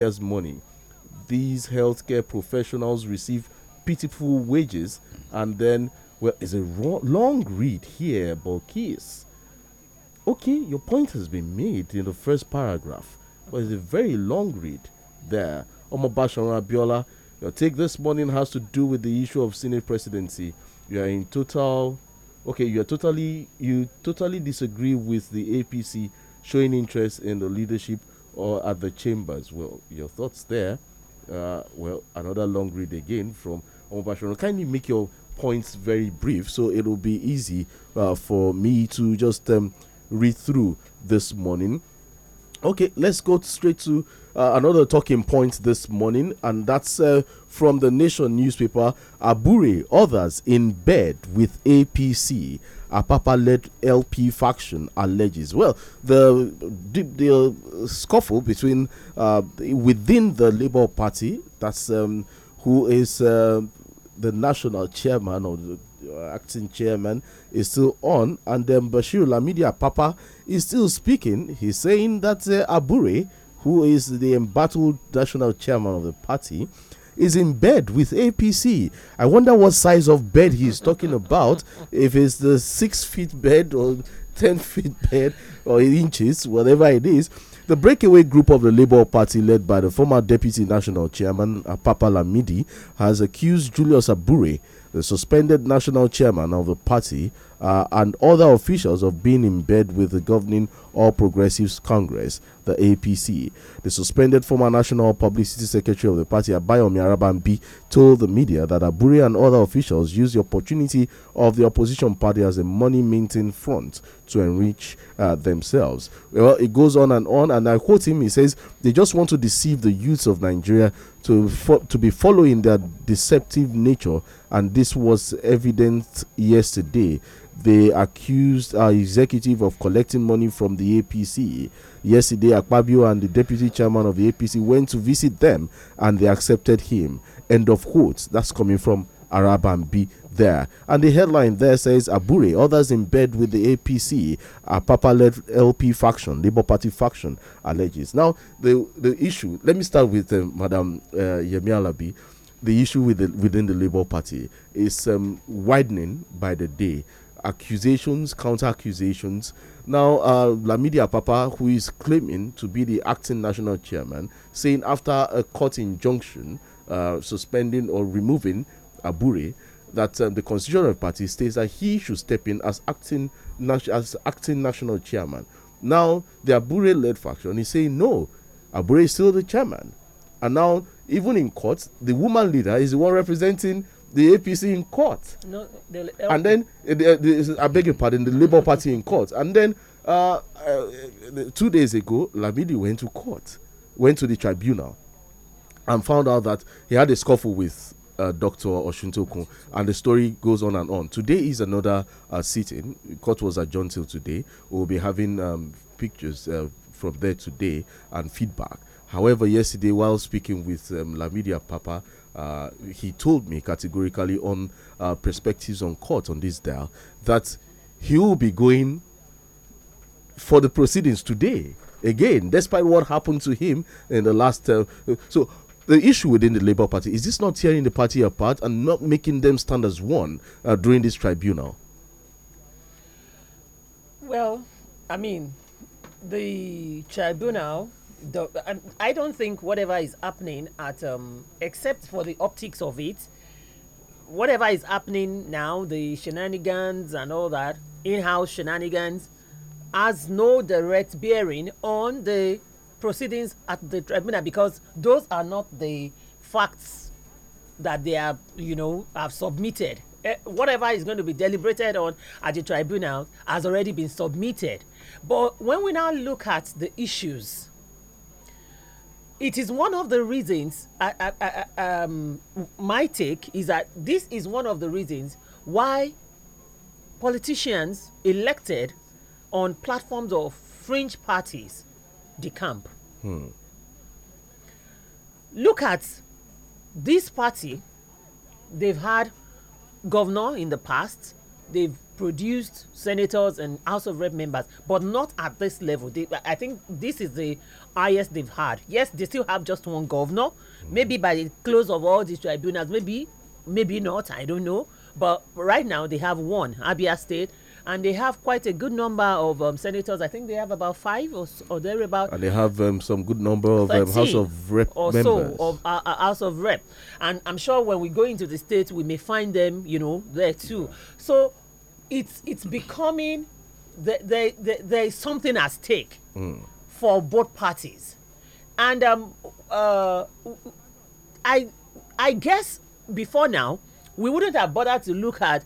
taxpayers' money. These healthcare professionals receive pitiful wages, and then, well, it's a long read here, Balkis. Okay, your point has been made in the first paragraph, but it's a very long read there. Omobashan Abiola, your take this morning has to do with the issue of Senate presidency. You are in total, okay, you are totally, you totally disagree with the APC showing interest in the leadership or at the chambers. Well, your thoughts there. Uh, well, another long read again from Can Kindly make your points very brief so it'll be easy uh, for me to just um, read through this morning. Okay, let's go straight to uh, another talking point this morning, and that's uh, from the Nation newspaper. Abure, others in bed with APC. A papa led LP faction alleges. Well, the, the, the uh, scuffle between uh, within the Labour Party, that's um, who is uh, the national chairman or the, uh, acting chairman is still on, and then um, Bashir Lamidia Papa is still speaking. He's saying that uh, Abure, who is the embattled national chairman of the party, is in bed with APC. I wonder what size of bed he's talking about. If it's the six feet bed or 10 feet bed or inches, whatever it is. The breakaway group of the Labour Party, led by the former Deputy National Chairman uh, Papa Lamidi, has accused Julius Abure, the suspended National Chairman of the party, uh, and other officials of being in bed with the governing all Progressives Congress, the APC. The suspended former National Publicity Secretary of the party, Abayomi Arabambi, told the media that Aburi and other officials used the opportunity of the opposition party as a money minting front to enrich uh, themselves. Well, it goes on and on, and I quote him. He says, They just want to deceive the youths of Nigeria to, fo- to be following their deceptive nature, and this was evident yesterday. They accused our uh, executive of collecting money from the APC. Yesterday, Akpabio and the deputy chairman of the APC went to visit them and they accepted him. End of quote. That's coming from Arabambi there. And the headline there says Abure, others in bed with the APC, a Papa led LP faction, Labour Party faction, alleges. Now, the, the issue, let me start with um, Madam uh, Yemi The issue with the, within the Labour Party is um, widening by the day. Accusations, counter accusations, now, uh, Lamidia Papa, who is claiming to be the acting national chairman, saying after a court injunction uh, suspending or removing Abure, that um, the Constitutional Party states that he should step in as acting as acting national chairman. Now, the Abure-led faction is saying no, Abure is still the chairman, and now even in court, the woman leader is the one representing the APC in court. No, and then, eh, the, eh, the, I beg your pardon, the Labour Party in court. And then, uh, uh, two days ago, Lamidi went to court, went to the tribunal, and found out that he had a scuffle with uh, Dr. Oshuntokun, and the story goes on and on. Today is another uh, sitting. Court was adjourned till today. We'll be having um, pictures uh, from there today and feedback. However, yesterday, while speaking with um, Papa, uh, he told me categorically on uh, perspectives on court on this dial that he will be going for the proceedings today again, despite what happened to him in the last. Uh, so the issue within the Labour Party is this not tearing the party apart and not making them stand as one uh, during this tribunal? Well, I mean, the tribunal the, I don't think whatever is happening at um, except for the optics of it, whatever is happening now, the shenanigans and all that in-house shenanigans, has no direct bearing on the proceedings at the tribunal because those are not the facts that they are, you know, have submitted. Eh, whatever is going to be deliberated on at the tribunal has already been submitted. But when we now look at the issues it is one of the reasons I, I, I, um, my take is that this is one of the reasons why politicians elected on platforms of fringe parties decamp. Hmm. Look at this party. They've had governor in the past. They've produced senators and House of Rep members, but not at this level. They, I think this is the highest they've had. Yes, they still have just one governor. Mm. Maybe by the close of all these tribunals, maybe, maybe not, I don't know. But right now they have one, Abia State, and they have quite a good number of um, senators. I think they have about five or, or thereabout. And they have um, some good number of um, House of Rep or members. so of uh, uh, House of Rep. And I'm sure when we go into the state, we may find them, you know, there too. So it's it's becoming there, there, there, there is something at stake. Mm for both parties. And um, uh, I, I guess before now, we wouldn't have bothered to look at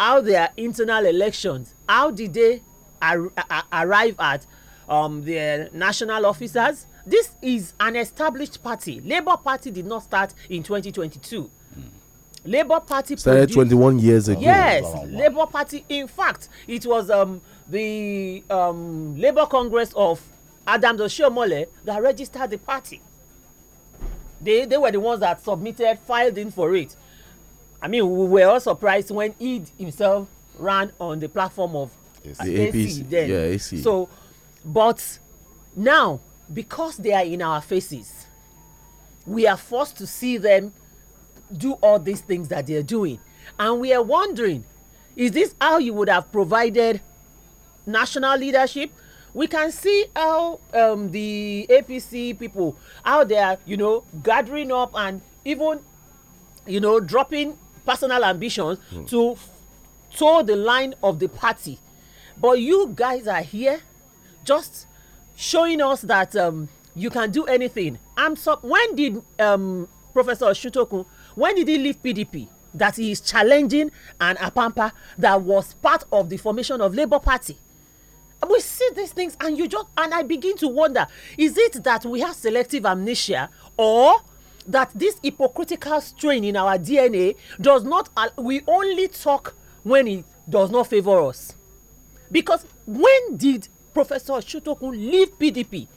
how their internal elections, how did they ar ar arrive at um, their national officers? This is an established party. Labour Party did not start in 2022. Labour Party started 21 years ago. Yes, Labour Party. In fact, it was um, the um, Labour Congress of Adams Oshiomole that registered the party. They, they were the ones that submitted, filed in for it. I mean, we were all surprised when he himself ran on the platform of the AC APC. Then. Yeah, AC. So, but now, because they are in our faces, we are forced to see them do all these things that they're doing. And we are wondering is this how you would have provided national leadership? we can see how um, the apc people out there, you know gathering up and even you know dropping personal ambitions mm. to toe the line of the party but you guys are here just showing us that um, you can do anything i'm so when did um, professor Shutoku? when did he leave pdp that he is challenging and apampa that was part of the formation of labour party we see these things and you just and i begin to wonder is it that we have selective amnesia or that this hypocritical strain in our dna does not we only talk when it does not favor us because when did professor Shutoku leave pdp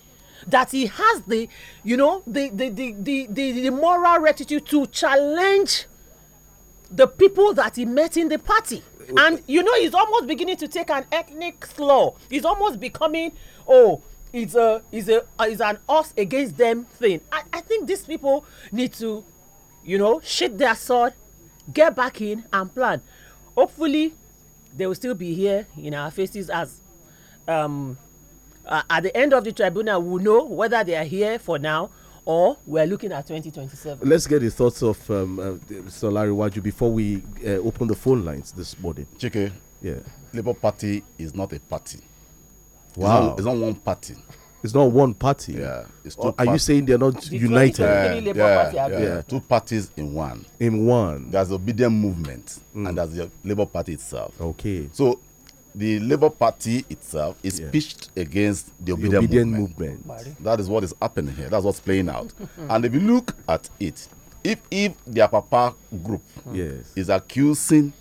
that he has the you know the the the the, the, the moral rectitude to challenge the people that he met in the party and you know he's almost beginning to take an ethnic slaw he's almost becoming oh it's a it's a uh, it's an us against them thing I, I think these people need to you know shake their sword get back in and plan hopefully they will still be here in our faces as um uh, at the end of the tribunal we will know whether they are here for now or we're looking at 2027. Let's get the thoughts of um, uh, Mr. Larry Waju before we uh, open the phone lines this morning. Chike, yeah, Labour Party is not a party. Wow, it's not, it's not one party. It's not one party. Yeah, it's two. are you saying they're not the united? Yeah, yeah, yeah, yeah, two parties in one. In one. There's the obedient movement, mm. and there's the Labour Party itself. Okay. So the Labour Party itself is yeah. pitched against the, the obedient, movement. movement. That is what is happening here. That's what's playing out. Mm-hmm. and if you look at it, if if the Papa group mm. yes. is accusing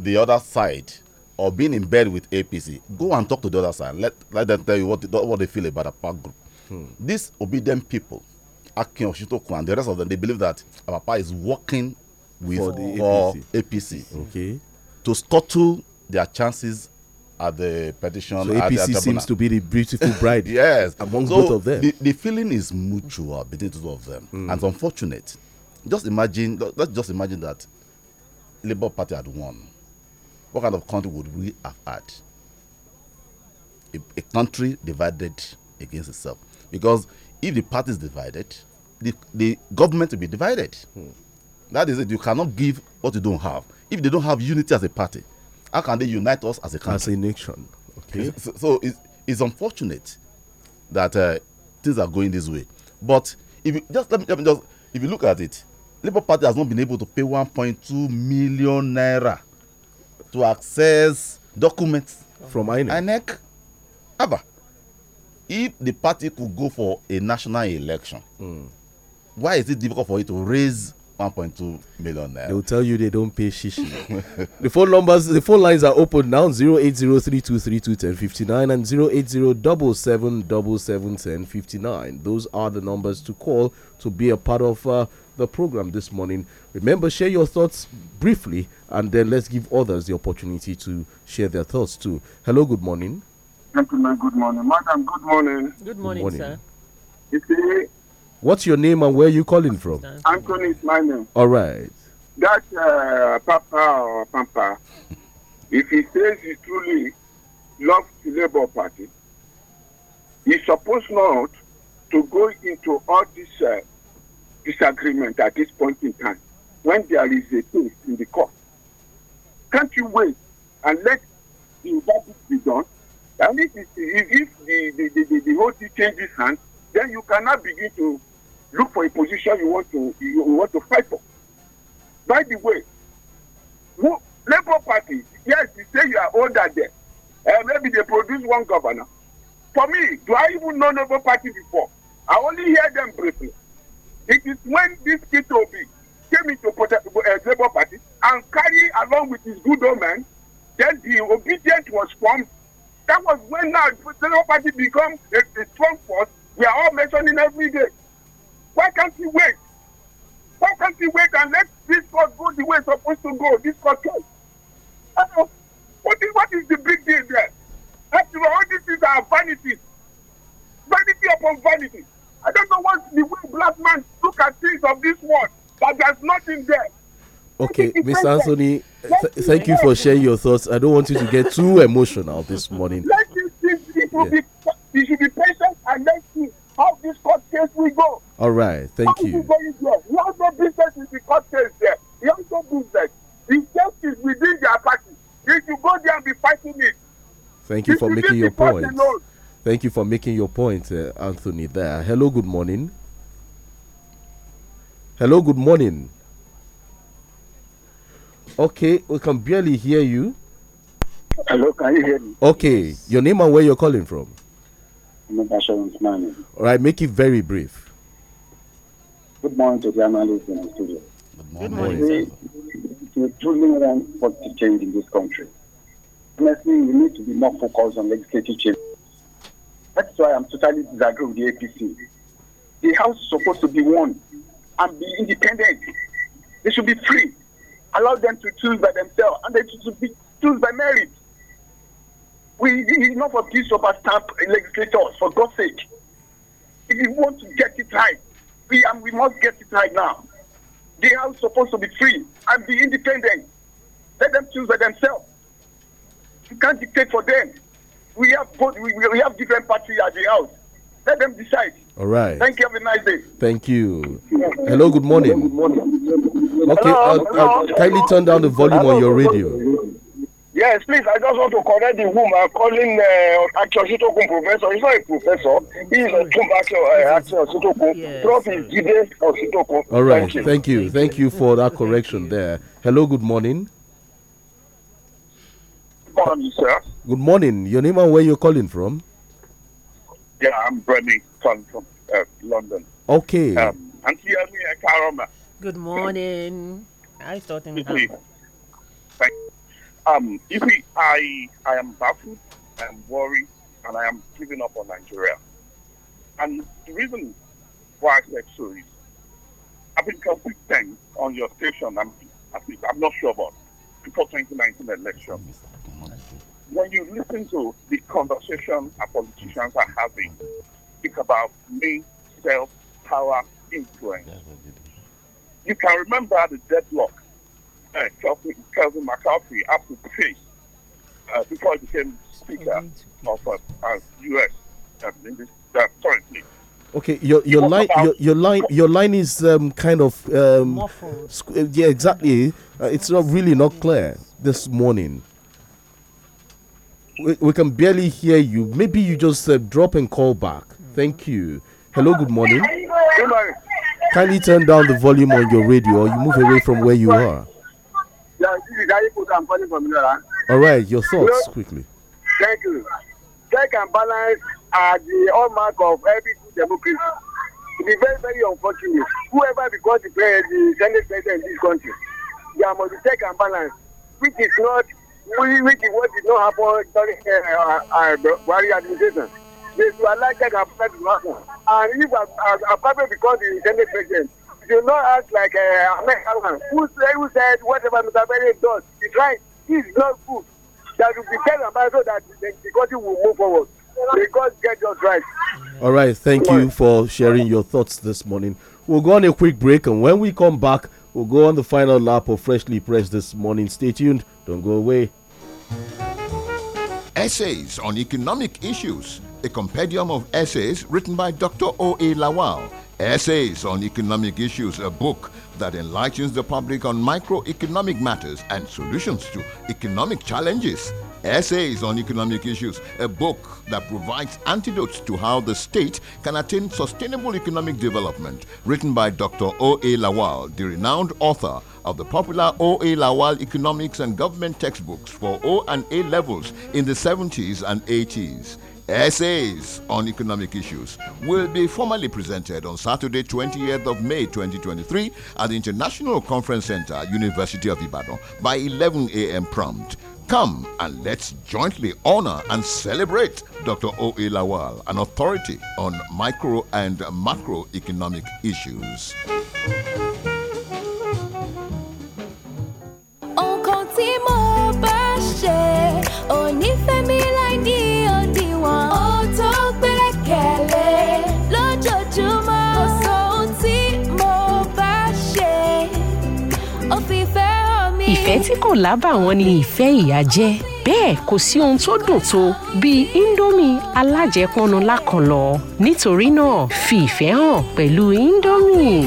the other side or being in bed with APC, go and talk to the other side. Let let them tell you what they, what they feel about the Papa group. Hmm. These obedient people, Akin Oshitoku and the rest of them, they believe that Papa is working with for the APC. APC okay. to scuttle their chances at the petition. So APC seems to be the beautiful bride. yes, among so both of them. The, the, feeling is mutual between two of them, mm. and it's unfortunate. Just imagine. Let's just imagine that Labour Party had won. What kind of country would we have had? A, a country divided against itself. Because if the party is divided, the, the government will be divided. Mm. That is it. You cannot give what you don't have. If they don't have unity as a party, how can they unite us as a country? As a nation. Okay. So, so it's, it's, unfortunate that uh, things are going this way. But if you just let me, let me just if you look at it, Labour Party has not been able to pay 1.2 million naira to access documents from INEC. INEC. Ever. If the party could go for a national election, mm. why is it difficult for it to raise 1.2 million naira. They'll tell you they don't pay shishi. the phone numbers, the phone lines are open now Zero eight zero three two three two ten fifty nine and zero eight zero double seven double seven ten fifty nine. Those are the numbers to call to be a part of uh, the program this morning. Remember, share your thoughts briefly and then let's give others the opportunity to share their thoughts too. Hello, good morning. Gentlemen, good morning. Madam, good morning. Good morning, good morning. sir. You see, What's your name and where are you calling from? Anthony is my name. All right. That uh, Papa or Pampa, if he says he truly loves the Labour Party, he's supposed not to go into all this uh, disagreement at this point in time when there is a case in the court. Can't you wait and let the verdict be done? And if, if, if the, the, the, the, the whole thing changes hands, then you cannot begin to Look for a position you want to you want to fight for. By the way, who, Labour Party, yes, you say you are older there. Uh, maybe they produce one governor. For me, do I even know Labour Party before? I only hear them briefly. It is when this Kitobi came into uh, Labour Party and carry along with his good old man, then the obedient was formed. That was when now Labour Party become a, a strong force we are all mentioning every day. Why can't he wait? Why can't he wait and let this court go the way it's supposed to go? This court case. What is, what is the big deal there? After all, these things are vanity. Vanity upon vanity. I don't know what the way black man look at things of this world, but there's nothing there. Okay, Mr. Anthony, th thank you for sharing your thoughts. I don't want you to get too emotional this morning. Let you, you, you, yeah. be, you should be patient and let you how this court case will go. All right, thank how you. He has no business in the court case there. He has no business. The case is within their party. If you go there and be fighting it. Thank you for making your point. Thank you for making your point, uh, Anthony. There. Hello, good morning. Hello, good morning. Okay, we can barely hear you. Hello, can you hear me? Okay, your name and where you're calling from? All right, make it very brief. Good morning to the analysts in the studio. Good morning. Good morning. We, we truly want what to change in this country. Honestly, we need to be more focused on legislative change. That's why I'm totally disagree with the APC. The House is supposed to be one and be independent. They should be free. Allow them to choose by themselves and they should be choose by merit. We enough of these rubber stamp legislators, for God's sake. If you want to get it right, we, and we must get it right now. They are supposed to be free and be independent. Let them choose by themselves. You can't dictate for them. We have both, we, we have different parties at the house. Let them decide. All right. Thank you. Have a nice day. Thank you. Hello. Good morning. Good morning. Okay. Hello, uh, uh, hello. Uh, kindly turn down the volume hello. on your radio. Yes, please. I just want to correct the woman calling uh, Action Shitokun professor. He's not a professor. He's a professor. uh, Action Shitokun. Yes. All right. Thank you. Thank you. for that correction there. Hello. Good morning. Good morning, sir. Good morning. Your name and where you're calling from? Yeah, I'm Brendan from, from uh, London. Okay. Um, Auntie Karoma. Good morning. I thought in. Thank you um, if I, I am baffled, I am worried, and I am giving up on Nigeria. And the reason why I said so is, I've been competing on your station, I'm, I'm not sure about, before 2019 election. When you listen to the conversation our politicians are having, think about me, self, power, influence. You can remember the deadlock and Cousin, Cousin McCarthy after the face uh, before he became Speaker of uh, uh, US um, in this, uh, currently. Okay, your your line your, your line your line is um, kind of um, yeah exactly. Uh, it's not really not clear this morning. We, we can barely hear you. Maybe you just uh, drop and call back. Thank you. Hello, good morning. Good morning. Kindly turn down the volume on your radio, or you move away from where you are is Ayikota. I'm calling from Mineral. All right, your thoughts so, quickly. Thank you. Check and balance are the hallmark of every good democracy. It is very, very unfortunate. Whoever becomes the, the Senate president in this country, there must be check and balance, which is not which is what did not happen during uh, our uh, Buhari administration. They should allow check and balance to happen. And if a person becomes the Senate president, do not act like uh, eh, American who, who said whatever Mr. Bennett does, he's right. It's not good. That will be tell America that the, the country will move forward. because get your right. All right. Thank you for sharing your thoughts this morning. We'll go on a quick break, and when we come back, we'll go on the final lap of Freshly Pressed this morning. Stay tuned. Don't go away. Essays on Economic Issues, a compendium of essays written by Dr. O.A. Lawal Essays on Economic Issues, a book that enlightens the public on microeconomic matters and solutions to economic challenges. Essays on Economic Issues, a book that provides antidotes to how the state can attain sustainable economic development, written by Dr. O.A. Lawal, the renowned author of the popular O.A. Lawal economics and government textbooks for O and A levels in the 70s and 80s. Essays on economic issues will be formally presented on Saturday, 28th of May 2023 at the International Conference Center, University of Ibadan by 11 a.m. prompt. Come and let's jointly honor and celebrate Dr. O.E. Lawal, an authority on micro and macroeconomic issues. ìfẹ́ tí kò lábàwọ́n ni ìfẹ́ ìyá jẹ́ bẹ́ẹ̀ kò sí ohun tó dùn tó bíi indomie alájẹpọnu lákọlọ nítorí náà fi ìfẹ́ hàn pẹ̀lú indomie.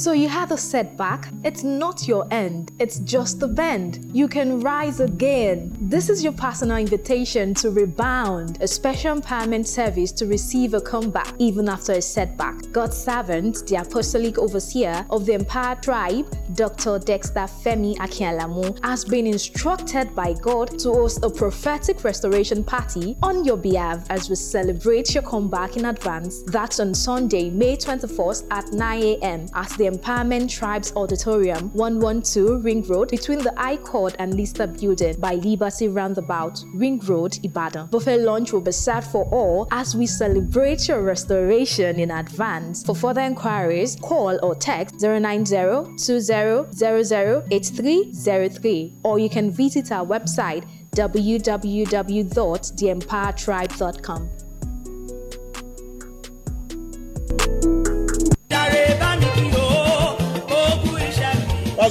So you had a setback. It's not your end, it's just the bend. You can rise again. This is your personal invitation to rebound, a special empowerment service to receive a comeback even after a setback. God's servant, the apostolic overseer of the Empowered Tribe, Dr. Dexter Femi Akialamu, has been instructed by God to host a prophetic restoration party on your behalf as we celebrate your comeback in advance. That's on Sunday, May 24th at 9 a.m. at the Empowerment Tribes Auditorium, 112 Ring Road, between the I Court and Lista Building by Liberty Roundabout, Ring Road, Ibadan. Buffet lunch will be served for all as we celebrate your restoration in advance. For further inquiries, call or text 090-2000-8303 or you can visit our website www.theempowertribe.com.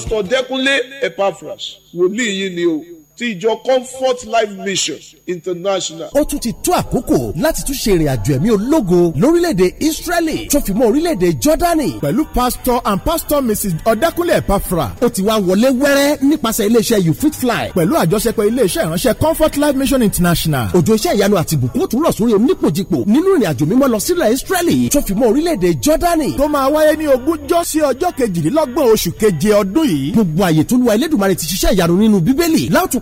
pásítọ̀ dẹ́kunlé epaphras wòlíì yìí ni o ti ìjọ Comfort Life Mission International. ó tún ti tó àkókò láti tún ṣe ìrìnàjò ẹ̀mí ológo lórílẹ̀‐èdè Israeli tó fi mọ́ orílẹ̀‐èdè Jordani. pẹ̀lú pastor and pastor Mrs. Ọ̀dẹ́kúnlé Epafra ó ti wá wọlé wẹ́rẹ́ nípasẹ̀ iléeṣẹ́ You Fit Fly pẹ̀lú àjọṣepọ̀ iléeṣẹ́ ìránṣẹ́ Comfort Life Mission International. òjò iṣẹ́ ìyanu àti ìbùkún tún lọ sórí onípojìpò nínú ìrìnàjò mímọ́ lọ sílẹ̀ Israeli tó fi mọ́ orílẹ̀‐èdè Jordani. tó máa wáyé ní ogúnjọ́ sí ọjọ́ kejìlélọ́gbọ̀n oṣù keje ọdún yìí. gbogbo àyè tó lu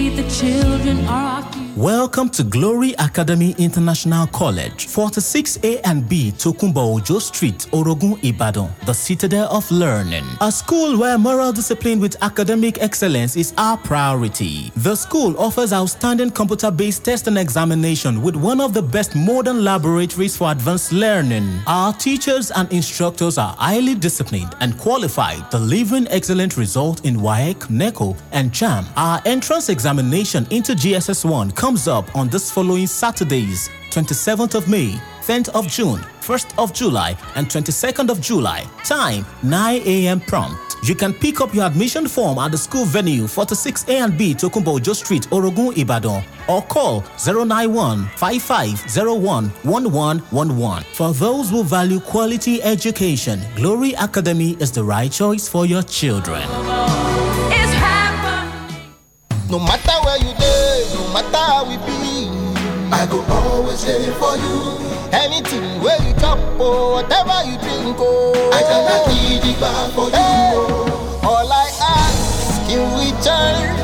the children are Welcome to Glory Academy International College, 46A and B Tokumba Ojo Street, Orogun, Ibadan, the citadel of learning. A school where moral discipline with academic excellence is our priority. The school offers outstanding computer based test and examination with one of the best modern laboratories for advanced learning. Our teachers and instructors are highly disciplined and qualified, delivering excellent results in WAEC, NECO, and CHAM. Our entrance examination into GSS 1 comes comes up on this following Saturdays 27th of May, 10th of June, 1st of July, and 22nd of July. Time 9 a.m. prompt. You can pick up your admission form at the school venue 46 A and B Tokumbojo Street, Orogun, Ibadan, or call 091 5501 For those who value quality education, Glory Academy is the right choice for your children. No matter where you matter we be. I go always there for you. Anything where you drop or oh, whatever you drink oh. I cannot be the bar for hey. you. Oh. All I ask in return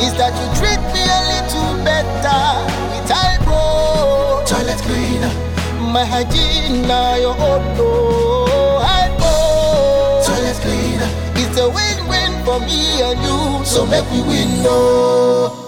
is that you treat me a little better with eyebrow. Toilet cleaner. My hygiene now your own oh, Toilet cleaner. It's a win-win for me and you. So make we win, no. Oh.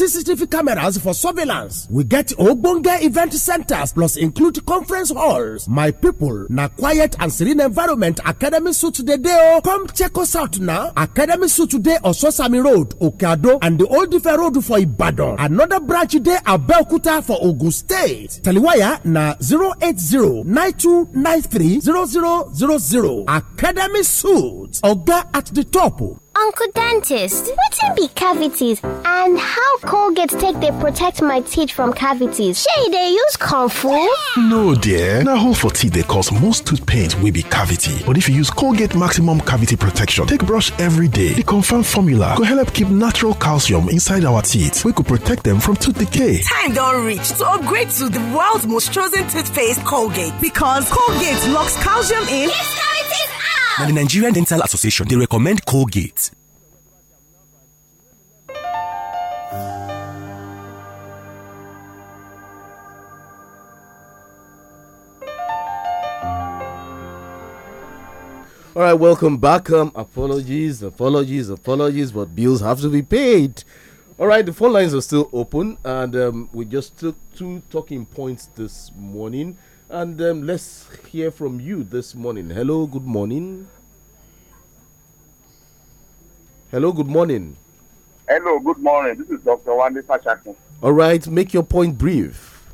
CCTV cameras for surveillance. We get ogbonge event centers plus include conference halls. My people, na quiet and serene environment Academy Suit dey dey o. Oh. Come check us out now. Academy Suit dey Ososami Road, Okeado and the Old Ife Road for Ibadan. Another branch dey Abeokuta for Ogun State. Taliwaya na 08092930000. Academy Suit, Oga at the top. Uncle Dentist, what can be cavities and how Colgate take they protect my teeth from cavities? Shay, they use use fu? No dear, Now, hole for teeth they cause most tooth pains will be cavity. But if you use Colgate Maximum Cavity Protection take brush every day, the confirmed formula could help keep natural calcium inside our teeth We could protect them from tooth decay. Time don't reach to upgrade to the world's most chosen toothpaste Colgate because Colgate locks calcium in. Yes, now, the Nigerian Dental Association, they recommend Colgate. All right, welcome back. Um, apologies, apologies, apologies, but bills have to be paid. All right, the phone lines are still open, and um, we just took two talking points this morning. And um, let's hear from you this morning. Hello, good morning. Hello, good morning. Hello, good morning. This is Dr. Wande Fachakin. All right, make your point brief.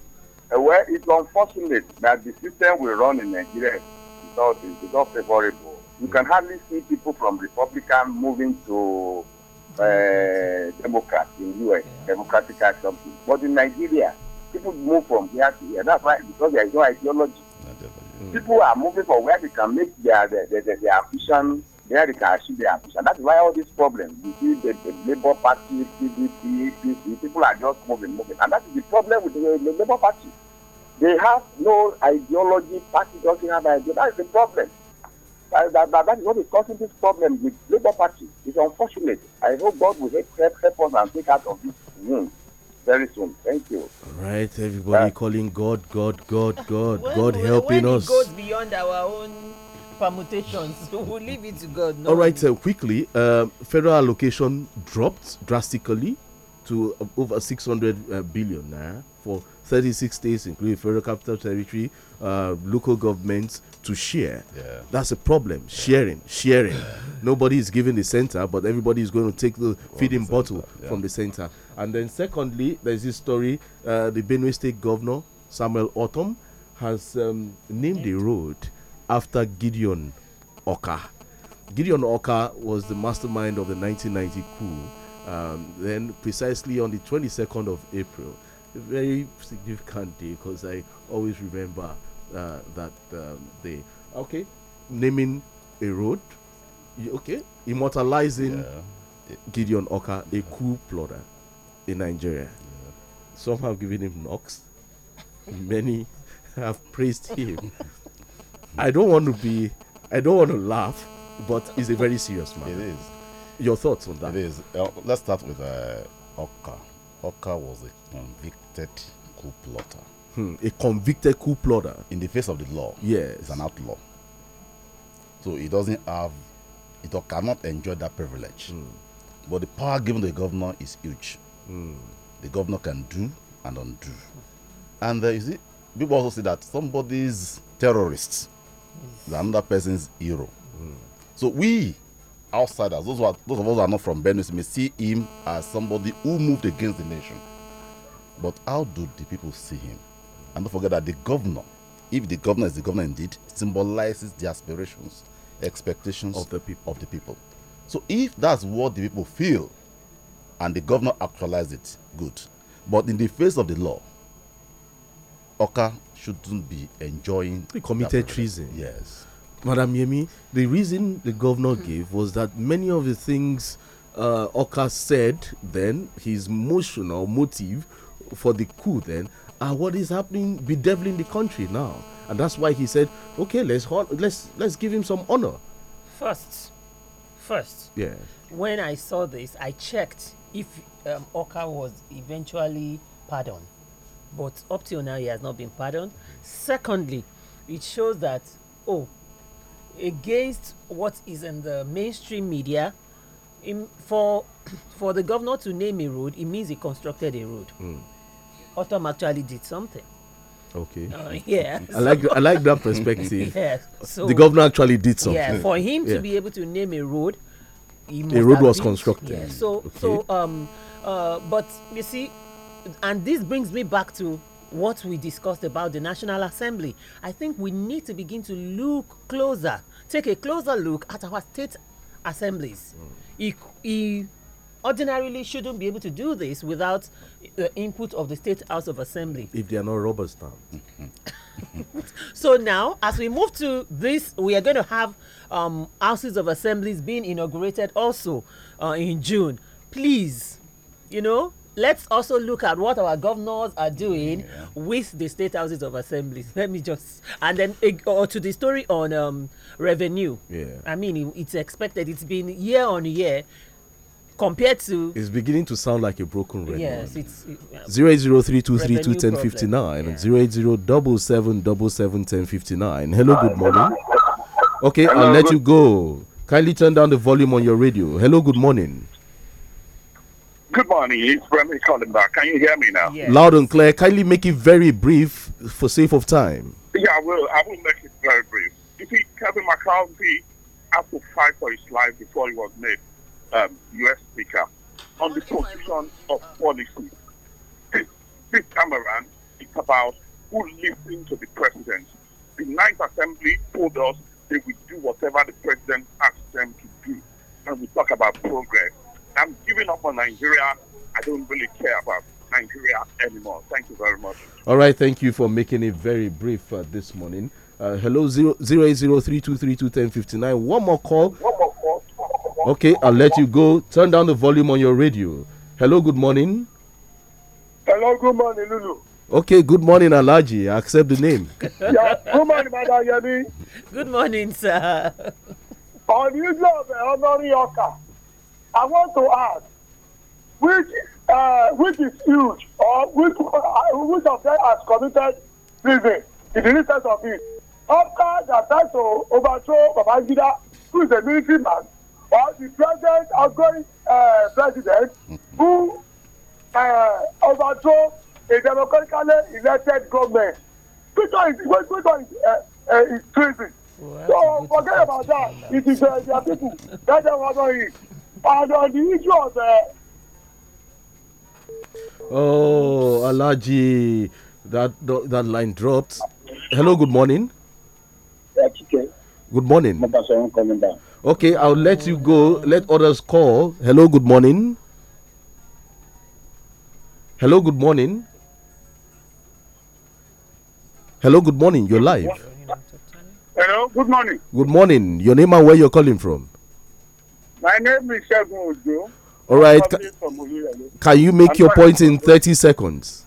Uh, well, it's unfortunate that the system we run in Nigeria is not, is not favorable. You can hardly see people from Republican moving to uh, Democrat in U.S., Democratic something. But in Nigeria, people move from here to here. That's why, because there is no ideology. Mm. People are moving for where they can make their their their, their, their ambition, where they can achieve their ambition. That's why all these problems, you see the, the Labour Party, PDP, PC, people are just moving, moving. And that is the problem with the, the Labour Party. They have no ideology, party doesn't have ideology. That is the problem. That, that, that, that is what is causing this problem with Labour Party. It's unfortunate. I hope God will help, help, help us and take out of this wound. Mm very soon. Thank you. All right, everybody calling God, God, God, God, when, God helping when us. It goes beyond our own permutations, we'll leave it to God. No All right, uh, quickly, uh, federal allocation dropped drastically to over 600 uh, billion uh, for 36 states, including federal capital territory, uh, local governments to share. Yeah. That's a problem. Yeah. Sharing, sharing. Nobody is giving the center, but everybody is going to take the From feeding the bottle yeah. from the center. And then, secondly, there's this story uh, the Benue State Governor, Samuel Autumn, has um, named the road after Gideon Oka. Gideon Oka was the mastermind of the 1990 coup. Um, then, precisely on the 22nd of April, very significant day because I always remember uh, that um, day. Okay, naming a road. Okay, immortalizing yeah. Gideon Oka, a coup plotter in Nigeria. Yeah. Some have given him knocks. Many have praised him. I don't want to be. I don't want to laugh, but he's a very serious man. It is. Your thoughts on that? It is. Uh, let's start with uh, Oka. Oka was a convicted coup plotter. Hmm, a convicted coup plotter. In the face of the law. Yes. Is an outlaw. So he doesn't have, it cannot enjoy that privilege. Hmm. But the power given to the governor is huge. Hmm. The governor can do and undo. And you see, people also say that somebody's terrorist is another person's hero. Hmm. So we outsiders, those, are, those of us who are not from Benue, may see him as somebody who moved against the nation. But how do the people see him? And don't forget that the governor, if the governor is the governor indeed, symbolizes the aspirations, expectations of the people. Of the people. So if that's what the people feel, and the governor actualizes it, good. But in the face of the law, Oka shouldn't be enjoying. He committed treason. Yes. Madam Yemi, the reason the governor gave was that many of the things uh, Oka said then, his motion or motive, for the coup then are what is happening bedeviling the country now and that's why he said okay let's let's let's give him some honor first first yeah when i saw this i checked if um, oka was eventually pardoned but up till now he has not been pardoned secondly it shows that oh against what is in the mainstream media in, for for the governor to name a road it means he constructed a road mm. Autumn actually did something. Okay. Uh, yeah. I like I like that perspective. yes. So the governor actually did something. Yeah. For him yeah. to be able to name a road, a road was been, constructed. Yeah. So okay. so um uh but you see, and this brings me back to what we discussed about the National Assembly. I think we need to begin to look closer, take a closer look at our state assemblies. Mm ordinarily shouldn't be able to do this without the uh, input of the State House of Assembly. If they are not rubber so now, as we move to this, we are going to have um, houses of assemblies being inaugurated also uh, in June. Please, you know, let's also look at what our governors are doing yeah. with the state houses of assemblies. Let me just and then eh, or to the story on um, revenue. Yeah, I mean it, it's expected. It's been year on year compared to. It's beginning to sound like a broken record. Yes, it's. Zero eight zero three two three two ten fifty nine zero eight zero double seven double seven ten fifty nine. Hello, good morning. Okay, I'll let you go. Kindly turn down the volume on your radio. Hello, good morning. Good morning. It's Remy calling back. Can you hear me now? Yes. Loud and clear. Kindly make it very brief for sake of time. Yeah, I will. I will make it very brief. You see, Kevin McCarthy had to fight for his life before he was made um, on the position of policy. This, this time around, it's about who listens to the president. The Ninth Assembly told us they will do whatever the president asked them to do. And we talk about progress. I'm giving up on Nigeria. I don't really care about Nigeria anymore. Thank you very much. All right. Thank you for making it very brief uh, this morning. Uh, hello, zero, zero eight zero three two three two ten fifty nine. One more call. One more Okay, I'll let you go. Turn down the volume on your radio. Hello, good morning. Hello, good morning, Lulu. Okay, good morning, Alaji. I accept the name. yeah, good morning, Madam Yemi. Good morning, sir. On the issue of honorary Oka, I want to ask which uh, which is huge or which uh, which of them has committed treason in the instance of it. After the attempt to overthrow Babangida, who is a military man, or the present outgoing uh, president who uh, overthrow a democratically elected government. Peter is Peter is, uh, uh, is crazy. Well, so forget about that. It is uh, their people. That's what I'm doing. And on the issue of uh, Oh, Alaji, that that line dropped. Hello, good morning. Good morning. Okay, I'll let you go. Let others call. Hello, good morning. Hello, good morning. Hello, good morning. You're live. Hello, good morning. Good morning. Your name and where you're calling from? My name is Shagun Ojo. All right. Can you make I'm your point in 30 seconds?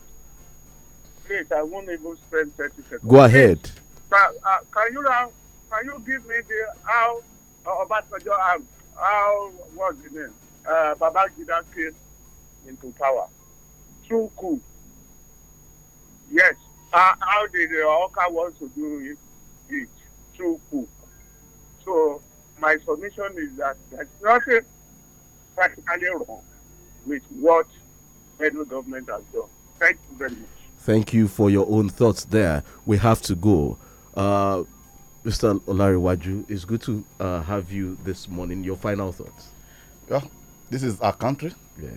Please, I won't even spend 30 seconds. Go ahead. Please, can, uh, uh, can, you, uh, can you give me the how Obasanjo and how was the name? Uh, Babangida came into power through coup. Yes. Uh, how did the Oka want to do it? it through coup. So my submission is that there's nothing practically wrong with what federal government has done. Thank you very much. Thank you for your own thoughts there. We have to go. Uh, Mr. Olariwaju, it's good to uh, have you this morning. Your final thoughts? Yeah, this is our country. Yeah.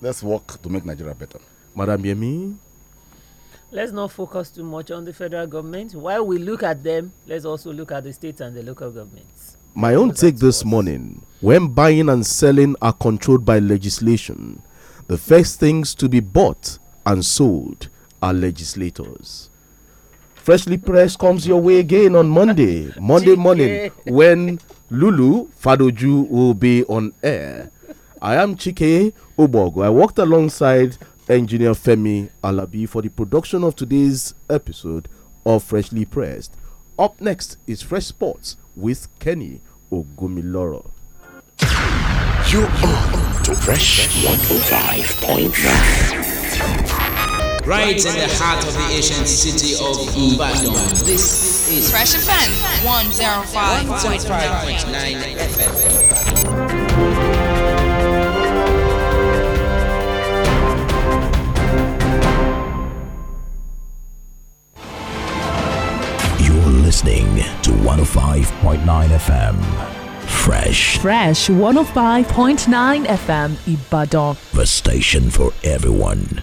Let's work to make Nigeria better. Madam Yemi? Let's not focus too much on the federal government. While we look at them, let's also look at the states and the local governments. My own take this morning when buying and selling are controlled by legislation, the first things to be bought and sold are legislators. Freshly pressed comes your way again on Monday, Monday morning, when Lulu Fadoju will be on air. I am Chike Ubogo. I worked alongside engineer Femi Alabi for the production of today's episode of Freshly Pressed. Up next is Fresh Sports with Kenny Ogumiloro. You are on to Fresh 105.9 right in the heart of the ancient city of Ibadan. This is Fresh Offense 105.9 FM. listening to 105.9 FM. Fresh. Fresh 105.9 FM Ibadan. The station for everyone.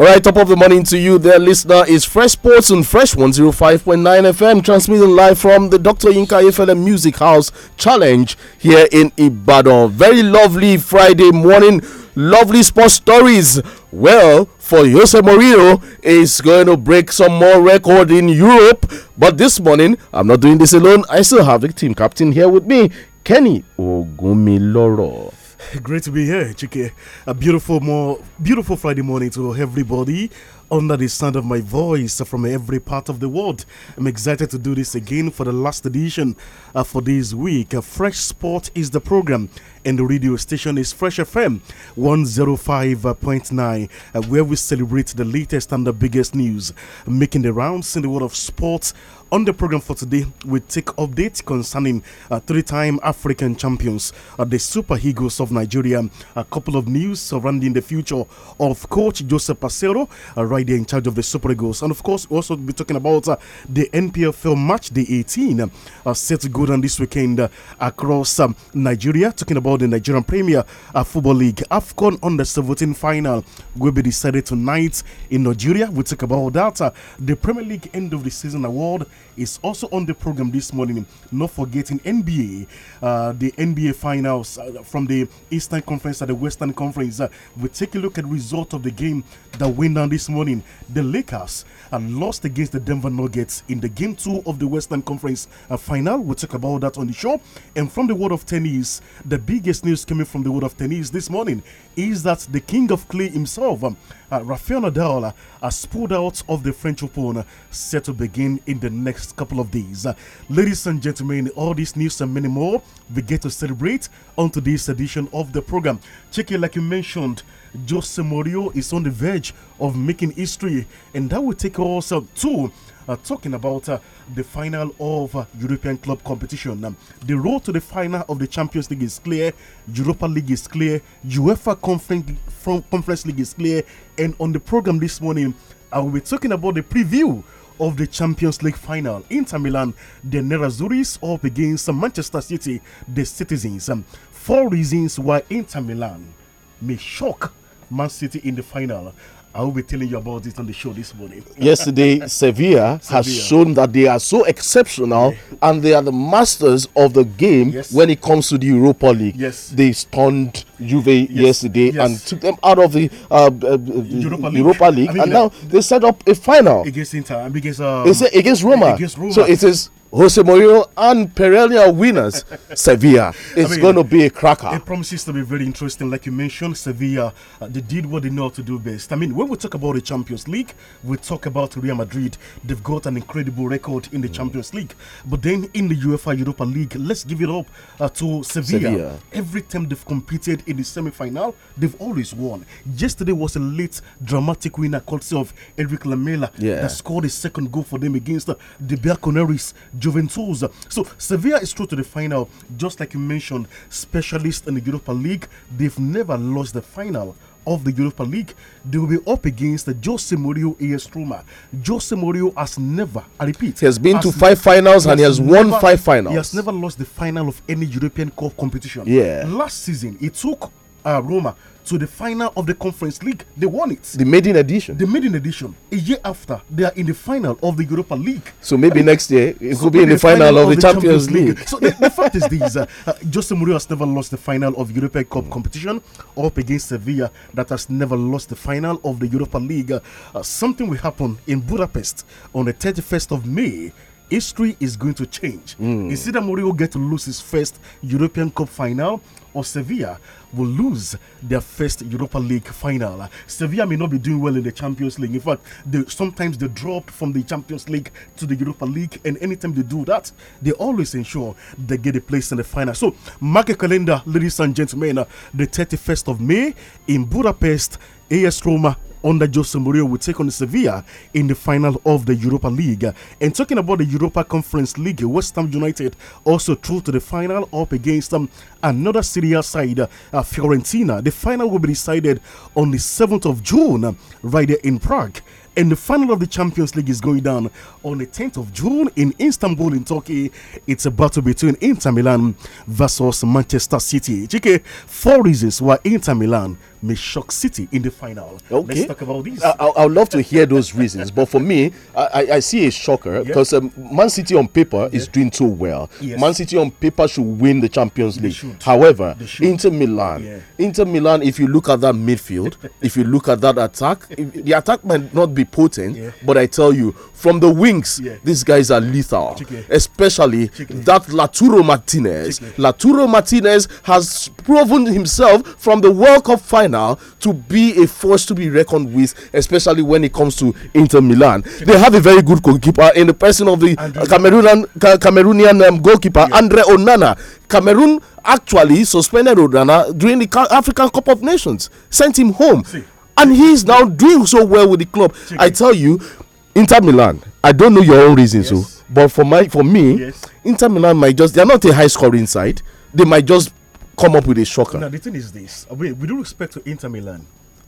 Right, top of the morning to you, there, listener, is Fresh Sports on Fresh 105.9 FM, transmitting live from the Dr. Yinka FLM Music House Challenge here in Ibadan. Very lovely Friday morning, lovely sports stories. Well, for Jose Mourinho is going to break some more record in Europe, but this morning I'm not doing this alone. I still have the team captain here with me, Kenny Ogumiloro. Great to be here, Chike. A beautiful, more beautiful Friday morning to everybody under the sound of my voice from every part of the world. I'm excited to do this again for the last edition uh, for this week. Uh, Fresh Sport is the program, and the radio station is Fresh FM 105.9, uh, where we celebrate the latest and the biggest news making the rounds in the world of sports on the program for today, we take updates concerning uh, three time African champions, uh, the Super Eagles of Nigeria. A couple of news surrounding the future of coach Joseph Pacero, uh, right there in charge of the Super Eagles. And of course, we'll also be talking about uh, the NPFL match, the 18, uh, set to go down this weekend uh, across um, Nigeria. Talking about the Nigerian Premier Football League, AFCON under 17 final will be decided tonight in Nigeria. We'll talk about that. the Premier League end of the season award is also on the program this morning. Not forgetting NBA, uh, the NBA finals uh, from the Eastern Conference and the Western Conference. Uh, we take a look at result of the game that went down this morning. The Lakers uh, lost against the Denver Nuggets in the game two of the Western Conference uh, final. We'll talk about that on the show. And from the world of tennis, the biggest news coming from the world of tennis this morning is that the king of clay himself, um, Rafael Nadal, uh, has pulled out of the French Open set to begin in the next couple of days. Uh, ladies and gentlemen, all these news and many more we get to celebrate on today's edition of the program. Check it, like you mentioned, Jose Mourinho is on the verge of making history, and that will take us uh, to. Uh, talking about uh, the final of uh, European club competition. Um, the road to the final of the Champions League is clear, Europa League is clear, UEFA Conference, Conference League is clear, and on the program this morning, I will be talking about the preview of the Champions League final. Inter Milan, the Nerazzurris, up against Manchester City, the Citizens. four reasons why Inter Milan may shock Man City in the final. I will be telling you about it on the show this morning. Yesterday, Sevilla, Sevilla has shown that they are so exceptional yeah. and they are the masters of the game yes. when it comes to the Europa League. Yes. They stunned Juve yes. yesterday yes. and took them out of the uh, uh, uh Europa League. Europa League I mean, and now uh, they set up a final against Inter against, um, against Roma. Against Roma. So it is Jose Mourinho and perennial winners, Sevilla. It's I mean, going to be a cracker. It promises to be very interesting. Like you mentioned, Sevilla, uh, they did what they know how to do best. I mean, when we talk about the Champions League, we talk about Real Madrid. They've got an incredible record in the mm. Champions League. But then in the UEFA Europa League, let's give it up uh, to Sevilla. Sevilla. Every time they've competed in the semi final, they've always won. Yesterday was a late dramatic winner, courtesy of Eric Lamela, yeah. that scored his second goal for them against uh, the Bianconeri. Juventus. So Sevilla is through to the final, just like you mentioned, specialists in the Europa League. They've never lost the final of the Europa League, they will be up against the Jose Mourinho AS Roma. Jose Mourinho has never, I repeat, he has been has to five finals and he has never, won five finals. He has never lost the final of any European Cup competition. Yeah. Last season, he took uh, Roma to the final of the Conference League. They won it. The maiden edition. The maiden edition. A year after, they are in the final of the Europa League. So maybe and next year it so could be in the, the final, final, of, the, the Champions, Champions League. League. so the, the, fact is this: uh, uh, Jose Mourinho has never lost the final of European Cup mm. competition up against Sevilla, that has never lost the final of the Europa League. Uh, something will happen in Budapest on the 31st of May history is going to change. Mm. Isidro Mourinho get to lose his first European Cup final, or Sevilla will lose their first Europa League final. Sevilla may not be doing well in the Champions League. In fact, they, sometimes they drop from the Champions League to the Europa League, and anytime they do that, they always ensure they get a place in the final. So, mark a calendar, ladies and gentlemen, the 31st of May in Budapest. AS Roma under Jose Mourinho will take on Sevilla in the final of the Europa League. And talking about the Europa Conference League, West Ham United also through to the final up against um, another Serie side, uh, Fiorentina. The final will be decided on the 7th of June right there in Prague. And the final of the Champions League is going down on the 10th of June in Istanbul, in Turkey. It's a battle between Inter Milan versus Manchester City. GK, four reasons why Inter Milan may shock City in the final. Okay. Let's talk about this. I, would love to hear those reasons, but for me, I, I see a shocker because um, Man City on paper yeah. is doing too well. Yes. Man City on paper should win the Champions League. However, Inter Milan, yeah. Inter Milan, if you look at that midfield, if you look at that attack, if, the attack might not be potent, but I tell you, from the wings, these guys are lethal, especially that Laturo Martinez. Chique. Laturo Martinez has proven himself from the World Cup final now to be a force to be reckoned with, especially when it comes to Inter Milan. They have a very good goalkeeper in the person of the Andrew Cameroonian Cameroonian um, goalkeeper yeah. Andre Onana. Cameroon actually suspended Onana during the African Cup of Nations, sent him home, See. and he is now doing so well with the club. I tell you, Inter Milan. I don't know your own reasons, yes. so, oh, but for my for me, yes. Inter Milan might just they are not a high scoring side. They might just come up with a shocker. Now, the thing is this we, don't respect to Inter Milan,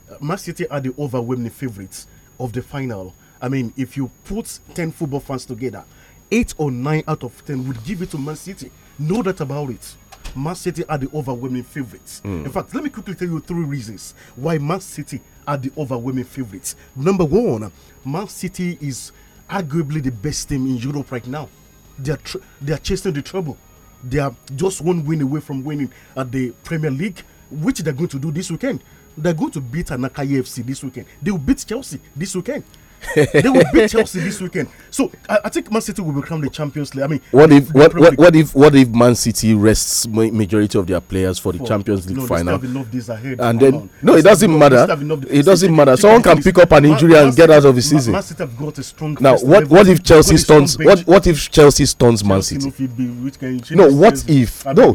uh, Man City are the overwhelming favorites of the final. I mean, if you put 10 football fans together, 8 or 9 out of 10 would give it to Man City. No doubt about it. Man City are the overwhelming favorites. Mm. In fact, let me quickly tell you three reasons why Man City are the overwhelming favorites. Number one, Man City is arguably the best team in Europe right now. They are, they are chasing the trouble. They are just one win away from winning at the Premier League, which they're going to do this weekend. They're going to beat Anaka FC this weekend. They will beat Chelsea this weekend they will beat Chelsea this weekend. So I, I, think Man City will become the Champions League. I mean, what if what, what, what, if what if Man City rests majority of their players for the for, Champions League no, final? and then on. no, it doesn't matter. It doesn't matter. Someone can pick up an injury Man, and get out of the season. Man, Man City have got a strong. Now, what what if Chelsea stuns? What uh, what if Chelsea stuns Man City? No, what if no?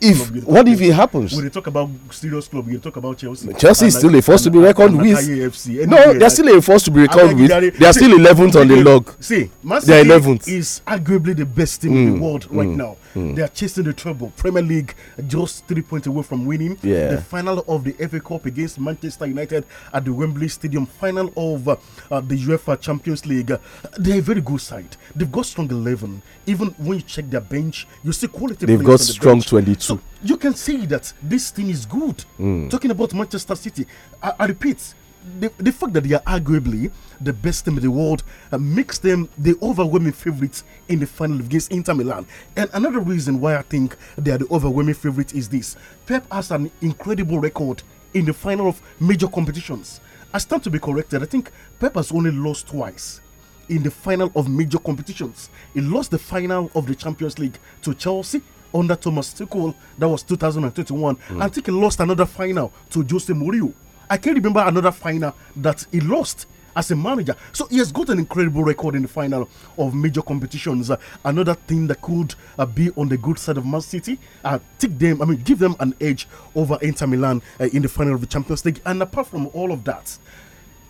If what if it happens? When they talk about serious club, we talk about Chelsea. Chelsea is still a force to be reckoned with. No, they're still a force to be reckoned with. They, are still 11th on the log. See, Man City they are 11th. is arguably the best team in the mm, world right mm, now. Mm. They are chasing the treble. Premier League just three points away from winning. Yeah. The final of the FA Cup against Manchester United at the Wembley Stadium. Final of uh, the UEFA Champions League. They're a very good side. They've got strong 11. Even when you check their bench, you see quality. They've got strong bench. 22. So you can see that this team is good. Talking about Manchester City, I, I repeat the, the fact that they are arguably the best team in the world uh, makes them the overwhelming favorites in the final against Inter Milan. And another reason why I think they are the overwhelming favorites is this Pep has an incredible record in the final of major competitions. I stand to be corrected. I think Pep has only lost twice in the final of major competitions. He lost the final of the Champions League to Chelsea under Thomas Tuchel, that was 2021, mm. and I think he lost another final to Jose Mourinho I can't remember another final that he lost as a manager. So he has got an incredible record in the final of major competitions. Uh, another thing that could uh, be on the good side of Man City, uh, take them, I mean, give them an edge over Inter Milan uh, in the final of the Champions League. And apart from all of that,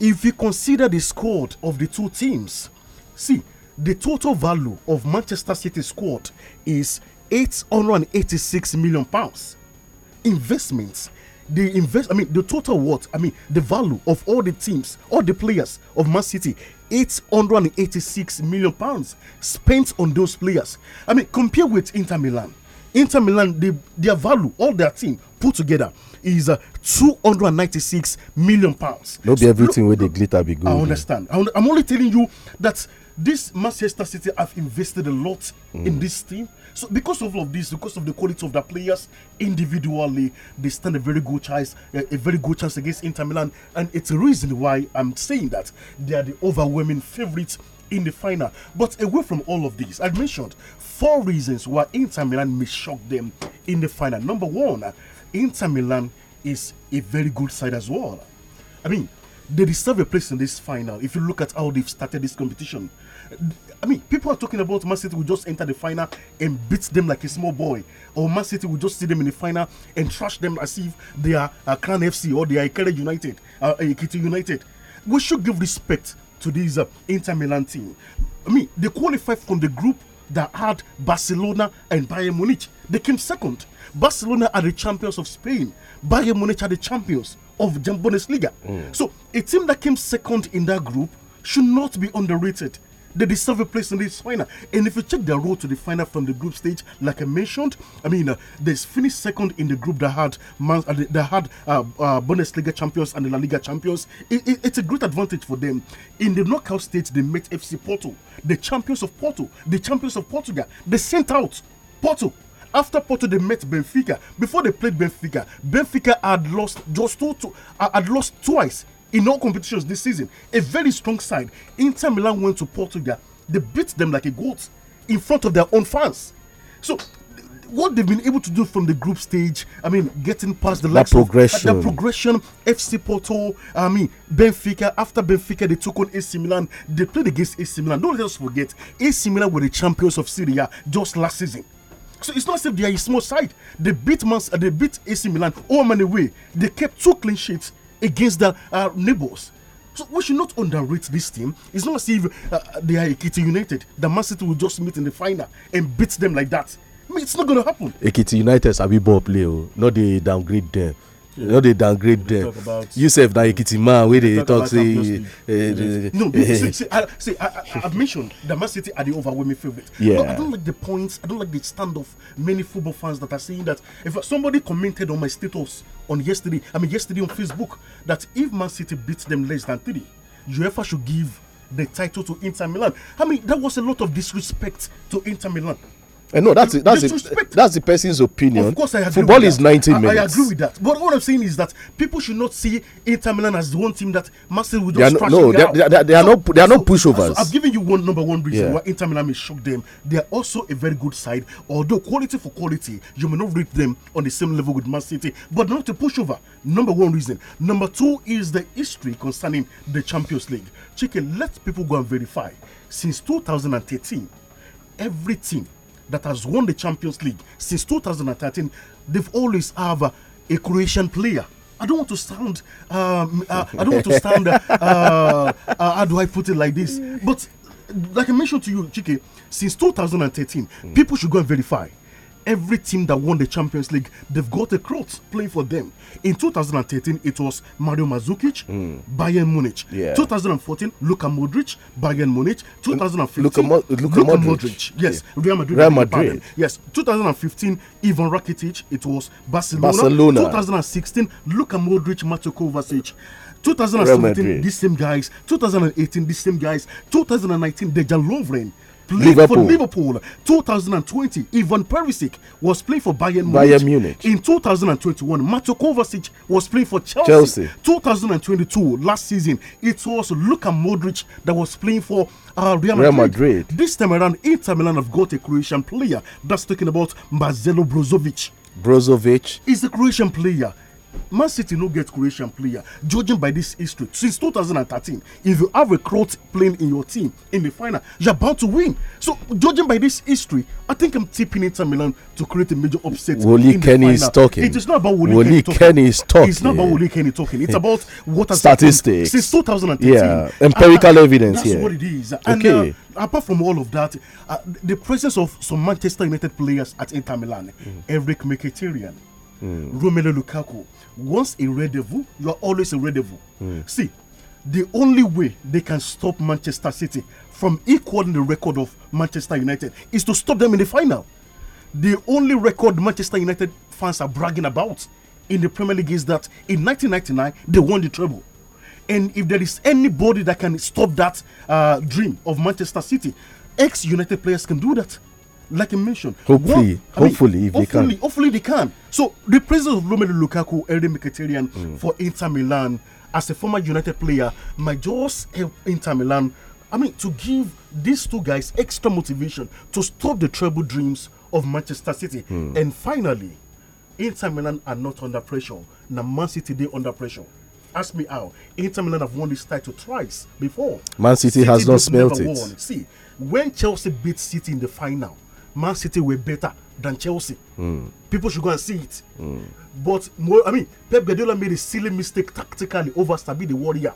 if you consider the squad of the two teams, see, the total value of Manchester City squad is 886 million pounds. Investments the invest i mean the total worth, i mean the value of all the teams all the players of man city 886 million pounds spent on those players i mean compare with inter milan inter milan their value all their team put together is uh, 296 million pounds no be so everything with the glitter be good i eh? understand I, i'm only telling you that this manchester city have invested a lot mm. in this team so because of all of this, because of the quality of the players individually, they stand a very good chance, a, very good chance against Inter Milan, and it's a reason why I'm saying that they are the overwhelming favourites in the final. But away from all of these, I have mentioned four reasons why Inter Milan may shock them in the final. Number one, Inter Milan is a very good side as well. I mean, they deserve a place in this final. If you look at how they've started this competition, I mean, people are talking about Man City will just enter the final and beat them like a small boy, or Man City will just see them in the final and trash them as if they are uh, FC or they are United, uh, Ikiti United. We should give respect to this uh, Inter Milan team. I mean, they qualified from the group that had Barcelona and Bayern Munich. They came second. Barcelona are the champions of Spain. Bayern Munich are the champions of Bundesliga. Mm. So a team that came second in that group should not be underrated. They deserve a place in this final. And if you check their road to the final from the group stage, like I mentioned, I mean, uh, they finished second in the group that had Man uh, that had uh, uh Bundesliga champions and the La Liga champions. It, it, it's a great advantage for them. In the knockout stage, they met FC Porto, the champions of Porto, the champions of Portugal. They sent out Porto. After Porto, they met Benfica. Before they played Benfica, Benfica had lost just two, two uh, had lost twice in all competitions this season. A very strong side. Inter Milan went to Portugal. They beat them like a goat in front of their own fans. So what they've been able to do from the group stage, I mean, getting past the that progression, of, uh, progression, FC Porto, I mean, Benfica. After Benfica, they took on AC Milan. They played against AC Milan. Don't let us forget, AC Milan were the champions of Syria just last season. So it's not as if they are a small side. They beat Man, uh, they beat AC Milan home oh, the way, They kept two clean sheets against the uh, neighbors. So we should not underrate this team. It's not as if uh, they are Ekiti United. The Man City will just meet in the final and beat them like that. I mean, it's not going to happen. Ekiti United big ball play, oh. not dey downgrade them you know they downgrade them you sef na ekiti man wey dey talk say. Eh, eh, no see see i see i i have mentioned that city are the overwhelming favourite. Yeah. but i don't like the points i don't like the stand of many football fans that are saying that if somebody commented on my status on yesterday i mean yesterday on facebook that if man city beat them less than three uefa should give the title to inter milan i mean that was a lot of disrespect to inter milan. And eh, no, that's the, that's the, that's the person's opinion. Of course, I agree. Football is 19 I, minutes. I agree with that. But what I'm saying is that people should not see Inter Milan as the one team that Marcel will just they No, they, they, they, they are not they are so, not pushovers. So I've given you one number one reason yeah. why Inter Milan may shock them. They are also a very good side, although quality for quality, you may not rate them on the same level with Man City, but not a pushover. Number one reason. Number two is the history concerning the Champions League. Chicken, let people go and verify. Since 2013, everything that has won the Champions League since 2013, they've always have a, a Croatian player. I don't want to sound, um, uh, I don't want to sound, uh, uh, uh how do I put it like this? But like I mentioned to you, Chike, since 2013, mm. people should go and verify. Every team that won the Champions League, they've got a Kroos playing for them. In 2013, it was Mario Mandzukic, mm. Bayern Munich. Yeah. 2014, Luka Modric, Bayern Munich. 2015, Luka, Mo Luka, Luka Modric. Modric. Yes, yeah. Real Madrid. Real Madrid. Yes, 2015, Ivan Rakitic. It was Barcelona. Barcelona. 2016, Luka Modric, Mato Kovacic. 2017, these same guys. 2018, these same guys. 2019, Dejan Lovren played Liverpool. for Liverpool. 2020, Ivan Perisic was playing for Bayern Munich. Bayern Munich. In 2021, Mato Kovacic was playing for Chelsea. Chelsea. 2022, last season, it was Luka Modric that was playing for uh, Real, Madrid. Real, Madrid. This time around, Inter Milan have got a Croatian player. That's talking about Marcelo Brozovic. Brozovic is a Croatian player. Man City no get Croatian player, judging by this history. Since 2013, if you have a Croat playing in your team in the final, you're bound to win. So, judging by this history, I think I'm tipping Inter Milan to create a major upset. Woli Kenny is talking. It is not about Woli, Woli Kenny, Kenny is talking. It's not about Woli Kenny talking. It's about what has statistics since 2013. Yeah, empirical uh, evidence. That's what it is. And, okay. Uh, apart from all of that, uh, the presence of some Manchester United players at Inter Milan, mm. Eric Mkhitaryan mm. Romelu Lukaku. Once a rendezvous, you are always a rendezvous. Mm. See, the only way they can stop Manchester City from equaling the record of Manchester United is to stop them in the final. The only record Manchester United fans are bragging about in the Premier League is that in 1999 they won the treble. And if there is anybody that can stop that uh, dream of Manchester City, ex United players can do that like I mentioned. Hopefully, hopefully, mean, if hopefully, they can. Hopefully, they can. So the presence of Romelu Lukaku, Eric Mkhitaryan mm. for Inter Milan as a former United player might just help Inter Milan. I mean, to give these two guys extra motivation to stop the treble dreams of Manchester City. Mm. And finally, Inter Milan are not under pressure. Now, Man City they under pressure ask me how Inter Milan have won this title twice before. Man City, City has not smelt it. Won. See, when Chelsea beat City in the final, Man City were better than Chelsea. Mm. People should go and see it. Mm. But more, I mean, Pep Guardiola made a silly mistake tactically over Stabi the Warrior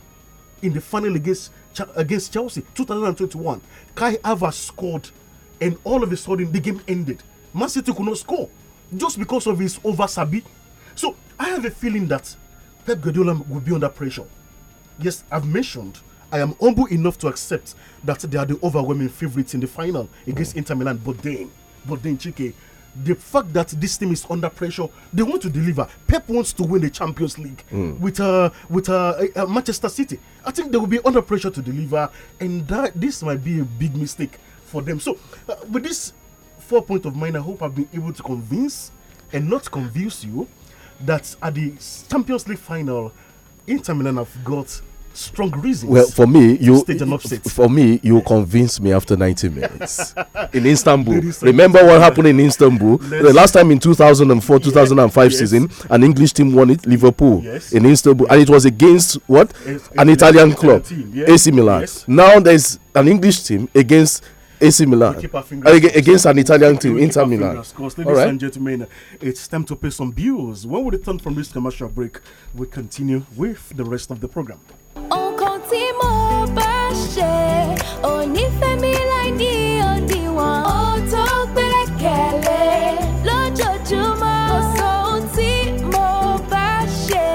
in the final against against Chelsea 2021. Kai Havertz scored, and all of a sudden the game ended. Man City could not score just because of his over Sabi. So I have a feeling that Pep Guardiola will be under pressure. Yes, I've mentioned I am humble enough to accept that they are the overwhelming favourites in the final against mm. Inter Milan. But then, but then, Chike, the fact that this team is under pressure, they want to deliver. Pep wants to win the Champions League mm. with uh, with uh, eh, uh, Manchester City. I think they will be under pressure to deliver, and that this might be a big mistake for them. So, uh, with this four point of mine, I hope I've been able to convince and not convince you that at the Champions League final, Inter Milan have got strong reasons. Well, for me, you for me, you convinced me after 90 minutes in Istanbul. Remember what happened in Istanbul? the last time in 2004, 2005 yes. season, an English team won it, Liverpool yes. in Istanbul, and it was against what? It's an Italian club, team, AC Milan. Yes. Now there's an English team against AC Milan uh, against an Italian team, Inter Milan. Of ladies and gentlemen, it's time to pay some bills. When we return from this commercial break, we continue with the rest of the program. tí mo bá ṣe ò ní fẹ́ mi láì ní òdiwọ̀n. ó tó gbẹ́kẹ̀lé lójoojúmọ́. kò sọ ohun tí mo bá ṣe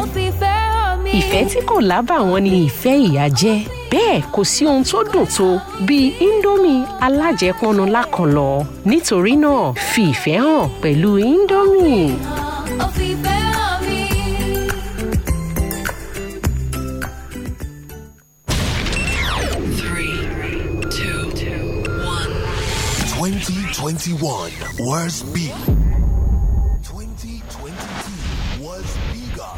ó fi fẹ́ hàn mí. ìfẹ́ tí kò lábàwọ́n ni ìfẹ́ ìyá jẹ́ bẹ́ẹ̀ kò sí ohun tó dùn tó bíi indomie alájẹpọnu lákànlọ́ nítorí náà fi ìfẹ́ hàn pẹ̀lú indomie. 2021 was big. 2022 was bigger.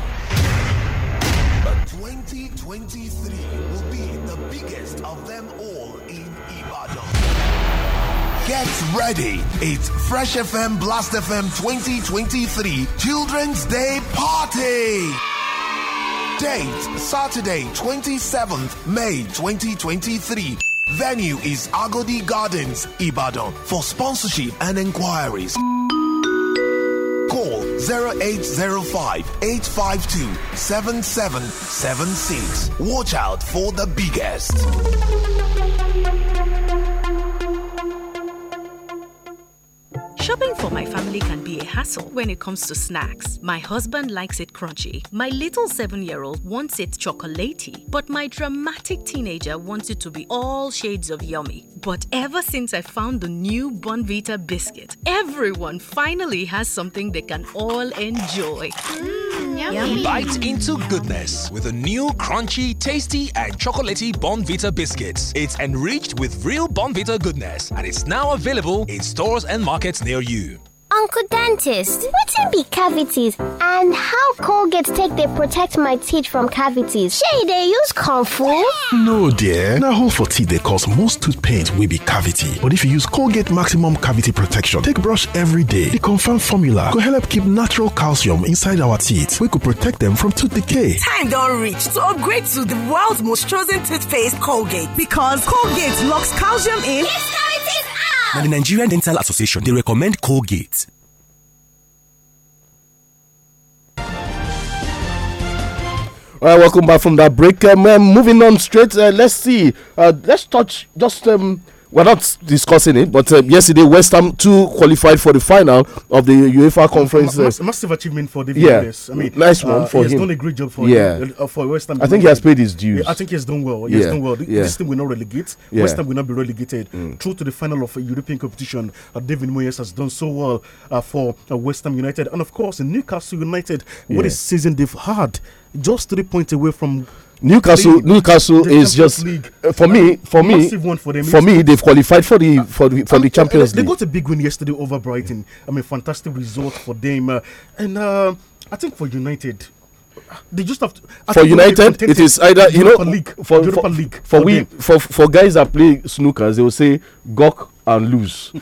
But 2023 will be the biggest of them all in Ibadan. Get ready. It's Fresh FM Blast FM 2023 Children's Day Party. Date Saturday, 27th May 2023. Venue is Agodi Gardens, Ibadan. For sponsorship and inquiries, call 0805 852 7776. Watch out for the biggest. Shopping for my family can be a hassle when it comes to snacks. My husband likes it crunchy. My little seven year old wants it chocolatey. But my dramatic teenager wants it to be all shades of yummy. But ever since I found the new Bonvita biscuit, everyone finally has something they can all enjoy. Mm, yummy. Bite into goodness with a new crunchy, tasty, and chocolatey Bonvita biscuits. It's enriched with real Bonvita goodness and it's now available in stores and markets near you. Uncle Dentist, what can be cavities and how Colgate take they protect my teeth from cavities? Shay, they use comfort? No dear, na hole for teeth they cause most tooth pain will be cavity. But if you use Colgate Maximum Cavity Protection take brush every day, the confirmed formula could help keep natural calcium inside our teeth We could protect them from tooth decay. Time don't reach to upgrade to the world's most chosen toothpaste Colgate because Colgate locks calcium in. cavities out! Now, the Nigerian Dental Association, they recommend Colgate. All right, welcome back from that break. Um, um, moving on straight, uh, let's see. Uh, let's touch just um, we're not discussing it, but uh, yesterday West Ham two qualified for the final of the UEFA Conference. M uh, massive achievement for David yeah. I mean, nice one uh, for he's him. He's done a great job for yeah. Him, uh, for West Ham. I think he has paid his dues. I think he's done well. He yeah. done well. Yeah. This team will not relegate. Yeah. West Ham will not be relegated. Mm. Through to the final of a European competition, uh, David Moyes has done so well uh, for West Ham United, and of course Newcastle United. What a season they've had! Just three points away from Newcastle, league. Newcastle the is just league. Uh, for me, for me, for, them, for me, they've qualified for the ah. for the, for the uh, Champions they, League. They got a big win yesterday over Brighton. I mean, fantastic result for them, uh, and uh, I think for United, they just have to, for United. It is either you Europa know League, for for, League for, for we them. for for guys that play snookers, they will say gok and lose.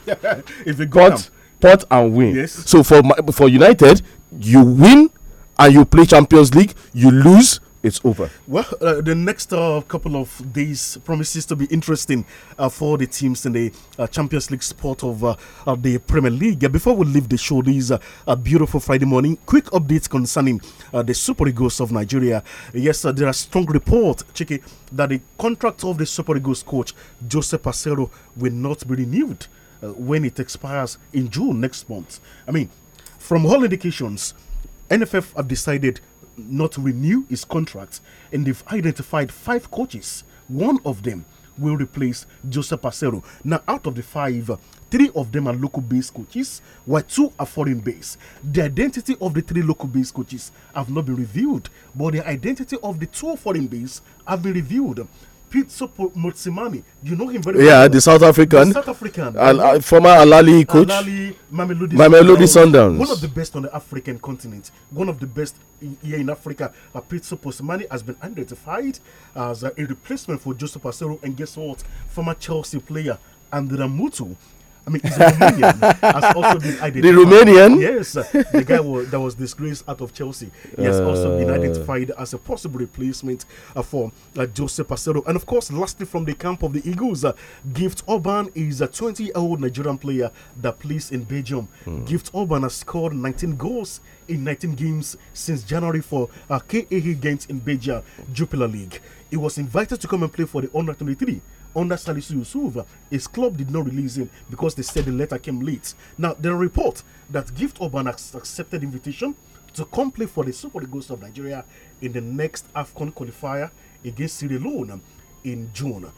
if they got pot, pot and win. Yes. So for for United, you win and you play Champions League, you lose it's over. Well, uh, the next uh, couple of days promises to be interesting uh, for the teams in the uh, Champions League sport of uh, the Premier League. Before we leave the show, this uh, a beautiful Friday morning. Quick updates concerning the Super Eagles of Nigeria. Yes, there are strong reports, Chiki, that the contract of the Super Eagles coach Joseph Pacero will not be renewed when it expires in June next month. I mean, from all indications, NFF have decided not renew his contract, and they've identified five coaches. One of them will replace Joseph Pacero. Now, out of the five, three of them are local based coaches, while two are foreign based. The identity of the three local based coaches have not been revealed, but the identity of the two foreign based have been revealed. Pizzo Motsimami. You know him very well. Yeah, the South African. The South African. Al uh, Al former Alali coach. Alali Mamelodi, Mamelodi Sundowns. One of the best on the African continent. One of the best in, here in Africa. Uh, Pizzo Motsimami has been identified as uh, a replacement for Joseph Asero. And guess what? Former Chelsea player Andra Mutu I mean, he's a Romanian. has also been identified. The Romanian? Yes. Uh, the guy was, that was disgraced out of Chelsea. He has uh, also been uh. identified as a possible replacement uh, for uh, Jose Pacero. And of course, lastly, from the camp of the Eagles, uh, Gift Urban is a 20 year old Nigerian player that plays in Belgium. Mm. Gift Urban has scored 19 goals in 19 games since January for uh, KAH in Belgium Jupiler League. He was invited to come and play for the under 23 under Salisu Yusuf. His club did not release him because they said the letter came late. Now, the report that Gift Urban accepted invitation to come play for the Super Eagles of Nigeria in the next AFCON qualifier against Sierra Leone in June.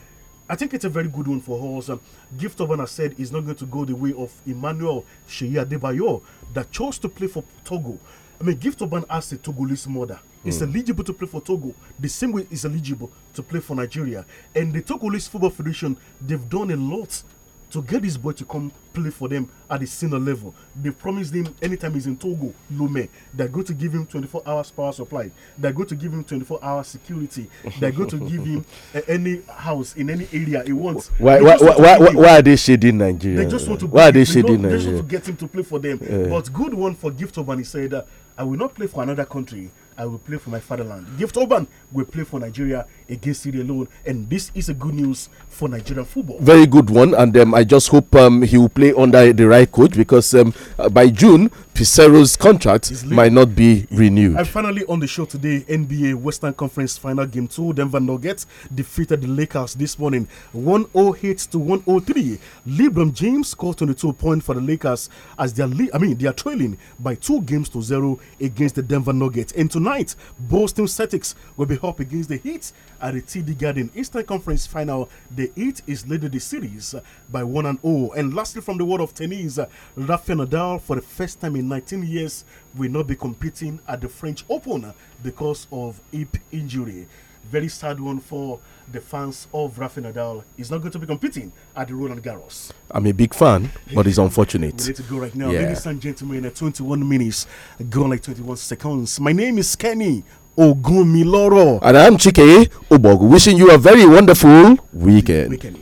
I think it's a very good one for us. Um, Gift Urban has said he's not going to go the way of Emmanuel Sheyi Adebayo that chose to play for Togo I mean, Gift Oban has a Togolese mother He's mm. eligible to play for Togo the same way he's eligible to play for Nigeria. And the Togolese Football Federation, they've done a lot to get this boy to come play for them at the senior level. They promised him anytime he's in Togo, Lome, they're going to give him 24 hours power supply. They're going to give him 24 hours security. They're going to give him uh, any house in any area he wants. Why, why, why, why, why, why are they shading Nigeria? They just want to, why are they shading Nigeria? They just want to get him to play for them. Yeah. But good one for Gift he said, uh, I will not play for another country I will play for my fatherland. Gift Oban will play for Nigeria against Syria alone, and this is a good news for Nigerian football. Very good one, and um, I just hope um, he will play under the right coach because um, uh, by June Pizarro's contract might not be renewed. And finally, on the show today, NBA Western Conference Final Game Two, Denver Nuggets defeated the Lakers this morning, 108 to 103. LeBron James scored 22 points for the Lakers as they are, I mean, they are trailing by two games to zero against the Denver Nuggets, and tonight. Tonight, Boston Celtics will be up against the Heat at the TD Garden Eastern Conference Final. The Heat is leading the series by 1 and 0. And lastly, from the world of tennis, Rafael Nadal, for the first time in 19 years, will not be competing at the French Open because of hip injury. Very sad one for the fans of Rafa Nadal. He's not going to be competing at the Roland Garros. I'm a big fan, but it's unfortunate. let need go right now. Yeah. Ladies and gentlemen, at 21 minutes, gone like 21 seconds. My name is Kenny Ogumiloro. And I'm Chike Obogu, wishing you a very wonderful weekend. weekend.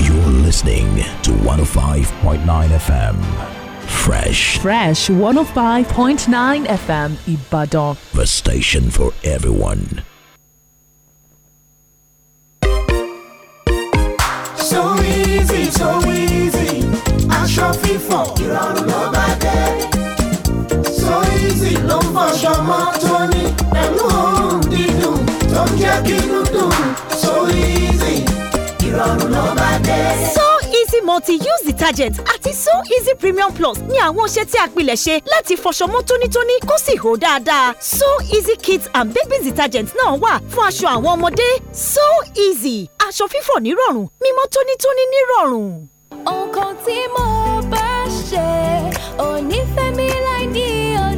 You're listening to 105.9 FM. Fresh. Fresh 105.9 FM Ibadan. The station for everyone. So easy, so easy. Aṣọ fífọ̀ ìrọ̀rùn ló bá dé. So easy ló ń fọṣọ mọ́ tóní pẹ̀lú òórùn dídùn tó ń jẹ́ kí dúdùn. So easy ìrọ̀rùn ló bá dé. So easy multi-use detergent àti so easy premium plus ní àwọn ọṣẹ tí a pilẹ̀ ṣe láti fọṣọ mọ́ tónítóní kó sì hó dáadáa so easy kids and baby detergent náà wà fún aṣọ àwọn ọmọdé so easy aṣọ fífọ̀ nírọ̀rùn mímọ́ tónítóní nírọ̀rùn. nǹkan tí mo bá ṣe ò ní fẹ́ mi láì ní ọ̀nà.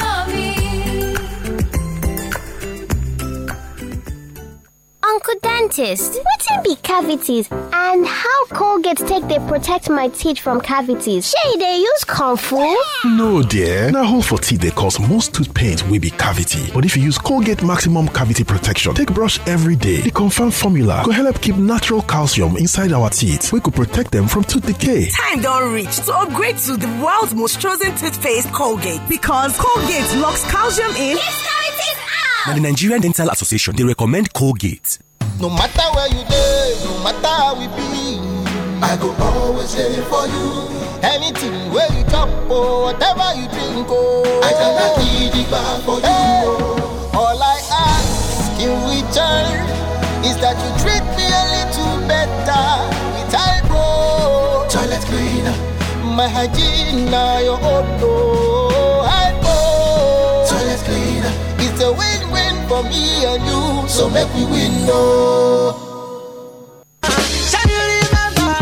Uncle Dentist. can be cavities and how Colgate take they protect my teeth from cavities? Shay, they use use comfort? No dear, Now, hole for teeth they cause most tooth pains will be cavity. But if you use Colgate Maximum Cavity Protection take brush every day, the confirmed formula go help keep natural calcium inside our teeth We could protect them from tooth decay. Time don't reach to upgrade to the world's most chosen toothpaste Colgate because Colgate locks calcium in. Now, the Nigerian Dental Association, they recommend Colgate. No matter where you live, no matter how we be, I go always there for you. Anything where you chop or oh, whatever you drink, oh, I cannot be the bar for hey. you. Oh. All I ask in return is that you treat me a little better with bro, toilet cleaner, my hygiene, now your own. Oh, eyebrow, toilet cleaner, it's a way for me and you. So make we win, no. Oh.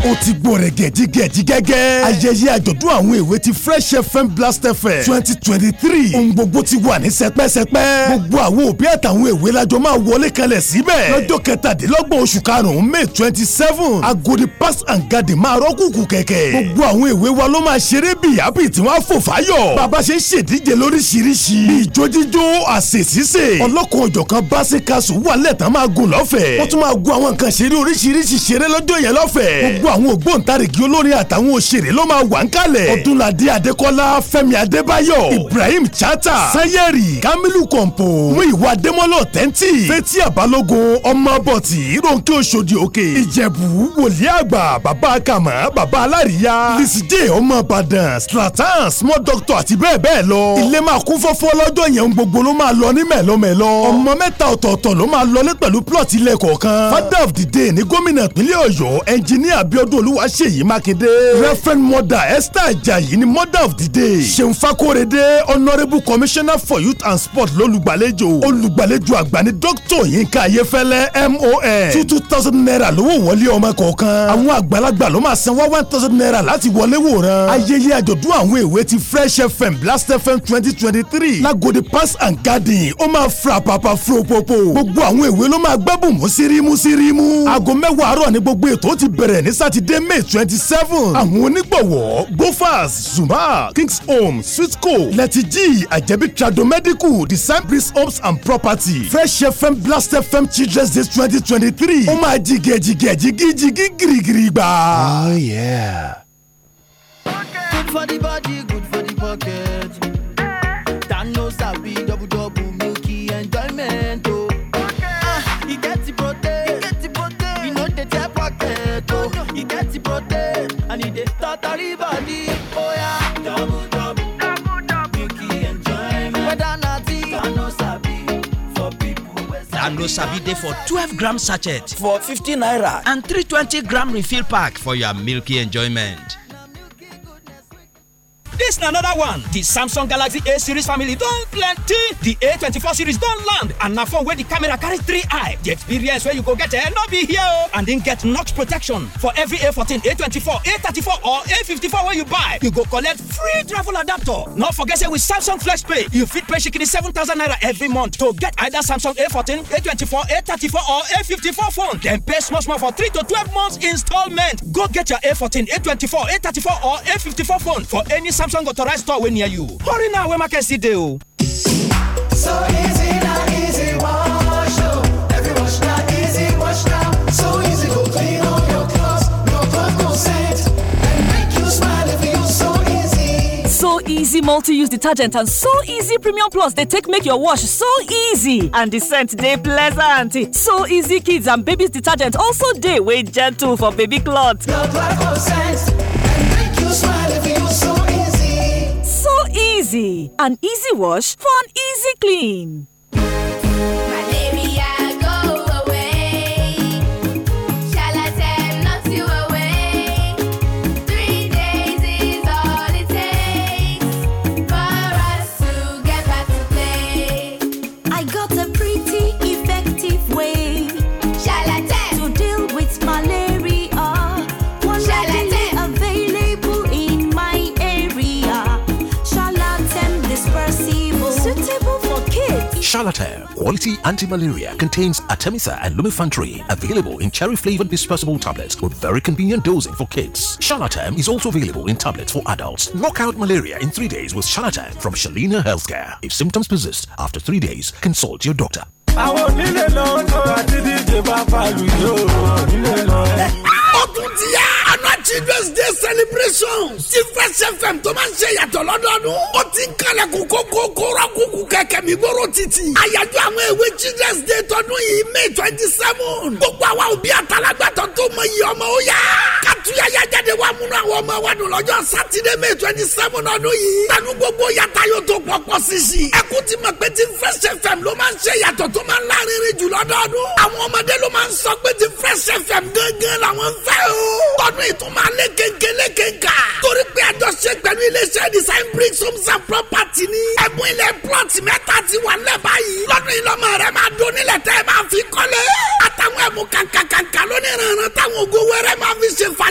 ó ti gbọ́ gẹ̀dígẹ̀dí gẹ́gẹ́. ayẹyẹ àjọ̀dún àwọn èwe ti fresh fm blast fm twenty twenty three ohun gbogbo ti wà ní sẹpẹ́sẹpẹ́. gbogbo àwọn òbí àtàwọn èwe lájọ máa wọlé kalẹ̀ síbẹ̀. lọ́jọ́ kẹtàdínlọ́gbọ̀n oṣù karùn-ún may twenty seven agodi pass and garden máa rọ́kùnkùn kẹ̀kẹ́. gbogbo àwọn èwe wa ló máa ṣeré bí àbí tí wọ́n á fò fáyọ̀. bàbá ṣe ń ṣèdíje lóríṣiríṣi. bí ijó jíjó àsè sísè. ọlọ́kan òjọ̀kan báṣekasù wà lẹ́tàn máa gùn lọ́fẹ̀ẹ́. wọ́n tún máa gun àwọn nǹkan ṣeré oríṣiríṣi ṣeré lọ́jọ́ yẹn lọ́fẹ̀ẹ́. gbogbo àwọn ògbóǹtarìgì olórin àtàwọn òṣèré ló máa wà ń kalẹ̀ ọdúnladé adékọ́lá fẹ́mi adébáyọ̀ ibrahim chata sanyeri kamilu kọ̀ǹpò muyiwa adémọ́lá tẹ́ntì fẹ́tí àbálógun ọmọ bọ̀tì ronke oṣòdì òkè ìjẹ̀bù wòlíì àgbà bàbá kàmá bàbá aláríyá lisije ọmọ ìbàdàn stratan small doctor àti bẹ́ẹ̀ bẹ́ẹ̀ lọ ilé máa kún fọ́fọ́ lọ́jọ́ yẹn gbogbo ló máa lọ ní mẹ́lọmẹ́lọ ọmọ mẹ́ta ọ̀tọ̀ọ̀tọ̀ ló máa lọlé pẹ̀lú plọ̀tì ilẹ̀ kọ̀ọ̀kan father of the day ní gómìnà ìpínlẹ̀ ọ̀yọ́ ẹnjìníà bí abiodun olúwaṣeyí mákindé reverend mother esther ajayi ni mother of the day ṣeun fakorede honourable commissioner for youth and sport lólùgbàlejò olùgbàlejò àgbà ni doctor yinka ayefẹlẹ mon two two thousand naira lówó wọlé ọmọ kọ̀ọ̀kan àwọn àgbàlagbà ló máa san wá one thousand naira láti wọlé wòran ayẹyẹ àjọ̀dún àwọn èwe ti fresh fm blast fm twenty twenty three lagodi pass and garden ó máa fra papa fro popo gbogbo àwọn èwe ló máa gbẹ́bùn mú sírímù sírímù aago mẹ́wàá àárọ̀ ni gbogbo ètò ti bẹ̀rẹ̀ ní sá sátidé may twenty seven àwọn onígbọ̀wọ́ gofas zuma kings home switco lẹ́tìjì àjẹbí trado medical design breeze homes and property fresh fm blast fm children's day twenty twenty three ó máa jìgẹ̀ jìgẹ̀ jìgí jìgí girigiri gbà. oh yeah. for the body good tari body, oh yeah. sabi for for twelve gram sachet for fifty naira and three twenty gram refill pack for your milky enjoyment. This na another one. The Samsung Galaxy A series family don plenty. The A24 series don't land and na phone where the camera carries three eye. The experience where you go get eh not be here oh. And then get knox protection for every A14, A24, A34 or A54 where you buy. You go collect free travel adapter. Not forget say with Samsung Flex Pay, you fit pay shikini 7,000 naira every month to get either Samsung A14, A24, A34 or A54 phone. Then pay small small for 3 to 12 months installment. Go get your A14, A24, A34 or A54 phone for any Samsung Samsung authorized store near you. Hurry now market oh. So easy easy wash oh. Every wash easy wash So easy go clean all your clothes. scent. And make you smile if you so easy. So easy multi-use detergent and so easy premium plus They take make your wash so easy and the scent they pleasant. So easy kids and babies detergent also they way gentle for baby clothes. scent. Easy. An easy wash for an easy clean. Charlatan Quality Anti-Malaria contains Artemisa and Lumefantrine available in cherry-flavored dispersible tablets with very convenient dosing for kids. Charlatan is also available in tablets for adults. Knock out malaria in three days with Charlatan from Shalina Healthcare. If symptoms persist after three days, consult your doctor. àná children's day celebrations ti fresh fm tó máa ń ṣe yàtọ̀ lọ́dọọdún ó ti ń kalẹ̀ kó kókó kóró kúkú kẹ̀kẹ́ mi bóró títì àyájọ́ àwọn èwe children's day tọdún yìí may twenty seven gbogbo àwa òbí àtàlágbàtọ́ tó mọ iye ọmọ ó yá ká àtúnyẹyẹ jáde wá múnú àwọn ọmọ wa dùn lọ́jọ́ sátidé may twenty seven ọdún yìí. tanu gbogbo yàtá yóò tó pọ̀pọ̀ sisi. ẹkú ti mọ̀ pé ti Fresh FM ló máa ń ṣe yàtọ̀ tó máa ń lárinrin jù lọ́dọọdún. àwọn ọmọdé ló máa ń sọ pé ti Fresh FM gángan làwọn fẹ́ o. tọdún ìtumọ̀ alẹ́ kéńké lé kéńká. torí pé àjọṣe pẹ̀lú iléeṣẹ́ design bricks homes and property ni. ẹ̀bùn ilẹ̀ plot mẹ́ta ti wà lẹ́bàá yìí. lọ́dún ìlọ́mọ rẹ̀ máa dún nílẹ̀ tẹ́ máa fi kọ́lé. àtàwọn ẹ̀bùn kàkàkàkà lónìí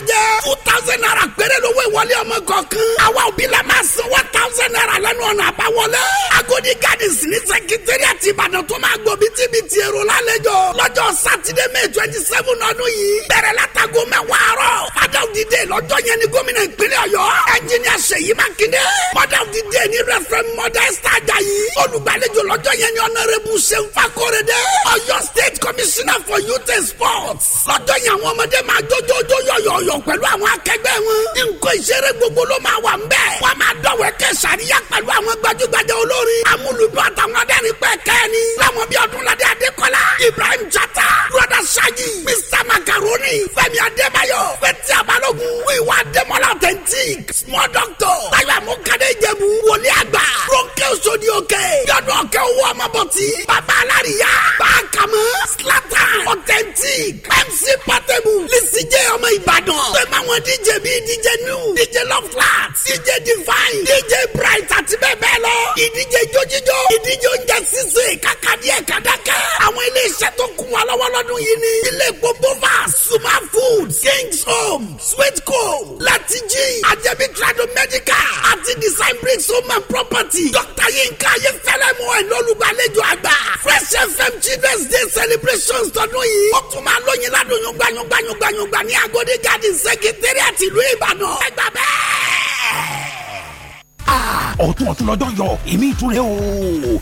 jẹ́. two thousand naira péré lówó ìwọlé ọmọ kọ̀ọ̀kan. àwa òbí la máa san one thousand naira lẹ́nu ọ̀nà àbáwọlé. Agodi Gardens ní sẹkítẹ́rì àti Ìbàdàn tó máa gbọ́ bítíbitì èrò lálejò. lọ́jọ́ sátidé May twenty seven ọdún yìí. bẹ̀rẹ̀ látago mẹ́wàá àárọ̀. father of the day lọ́jọ́ yẹn ni gómìnà ìpínlẹ̀ Ọ̀yọ́. ẹnjìnìà Ṣèyí Mákindé. mother of the day ni Reverend Modesta Ajayi. olùgbàlejò lọ́jọ́ yẹn ni Honorable Ṣeun Fakorede. Ọ̀yọ́ state commissioner for youth and sports. lọ́jọ́ yẹn àwọn ọmọdé máa jójójó yọ̀yọ̀ ayọ̀ pẹ̀lú àwọn akẹgbẹ́ wọn. nǹkan ìṣeré gbogbo ló máa wà nbẹ. wọ́n máa dọ̀wẹ́ kẹ́ sàríyá pẹ̀lú àwọn gbajúgbajà olórin. amúlùdó àtàwọn adẹ́rìn pẹ́ kẹ́ni. láwọn bíi ọdúnladé adékọ́lá. ibrahim jata. broda saji. mr macaroni. fẹ́mi adébáyọ̀. fẹ́tí abalógun. wíwá adémọ́lá authentic. small doctor. tayo amúkadé ìjẹ̀bú. wòlíì àgbà. ronke sodi òkè. yọdún ọ̀kẹ́ owó ọmọbọ̀tì. bàbá aláríyá. báàkàmọ́. slatan authentic. mc patebu. lisijẹ́ ọmọ ìbàdàn wọn. pé máwọn DJ bíi DJ new DJ love Flats DJ divine DJ bright àti bẹ́ẹ̀ bẹ́ẹ̀ lọ. ìdíje jójíjó ìdíje oúnjẹ sísè kàkàdí ẹ̀ kàdákẹ́. àwọn iléeṣẹ́ tó kún wa lọ́wọ́ lọ́dún yìí ni. ilé gbogbo va suma food kings home sweet co latiji ajẹbi trado medical àti design bricks home and property. dókítà yinka ayefẹlẹ mọ ẹ lọ́lùgbàlejò àgbà. fresh fm children's day celebrations tọdún yìí. ó tún máa lóyin ládùn yóngbàyóngbàyóngbàyóngbà ní agode jáde ní sẹ́kítẹ́rì àtìlú Ìbàdàn. ẹgbà bẹ́ẹ̀. Ah, ọ̀tún ọ̀tún lọ́jọ́ yọ èmi ìtúre o.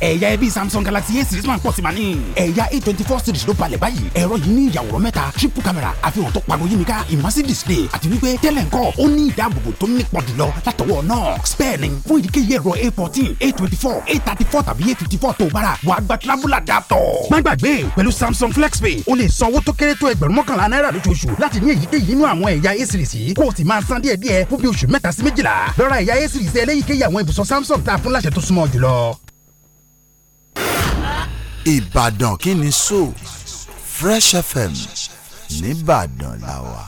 ẹ̀yà ẹbí samsung galaxy a series máa ń pọ̀ sí ma ní. ẹ̀yà a twenty four series ló balẹ̀ báyìí. ẹ̀rọ yìí ní ìyàwòrán mẹ́ta triple camera àfihàn tó pariwo yìí nìka immersive display àti wípé tẹ́lẹ̀ ńkọ́ ó ní ìdáàbòbò tó nípọn jùlọ látọwọ́ knox. bẹ́ẹ̀ ni fún ìdíkéyìí ẹ̀rọ a fourteen a twenty four a thirty four tàbí a fifty four tó bára wà á gba travel adapter. má gbàgbé pẹ̀lú samsung flexpay o lè san owó tó kéré tó ẹgbẹ̀rún mọ́kànlá náírà lóṣooṣù láti ní èyíkéyìí inú àwọn ẹ̀yà a series yìí kó o sì máa san díẹ̀díẹ̀ fún bí oṣù mẹ́ta sí méjìlá. lọ́ra ẹ̀yà a series eléyìíké lórí àwọn ibùsọ̀ Samsung tá a fún láṣẹ tó súnmọ́ jùlọ. Ìbàdàn kí ni sọ Fresh FM nìbàdàn làwà.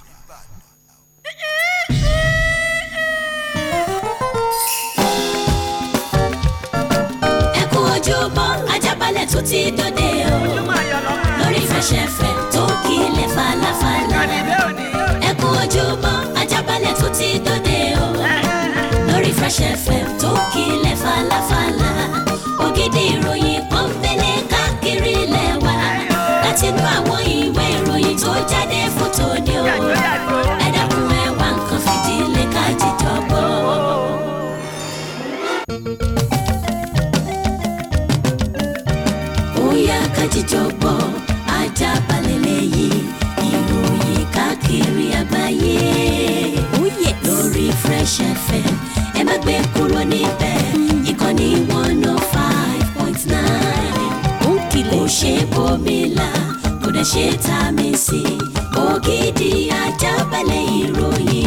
Ẹ kú ojúmọ́ Ajábalẹ̀ tó ti dòde o lórí Fresh FM tó kílẹ̀ falafala ẹ kú ojúmọ́ Ajábalẹ̀ tó ti dòde. Fresh FM tó kílẹ̀ falafala ògidì ìròyìn kan fẹlẹ̀ káàkiri lẹ́wà láti inú àwọn ìwé ìròyìn tó jáde fótó ni o ẹ dákun ẹ wá nǹkan fìdílé ká jíjọ gbọ́. bóyá ká jíjọ gbọ́ ajá balẹ̀ lẹ́yìn ìròyìn káàkiri àgbáyé oh lórí Fresh FM ẹ má gbé kúrò níbẹ̀ ìkànnì one oh five point nine. ó kìlẹ̀ ṣe tá a mi sí. ògidì ajábalẹ̀ ìròyìn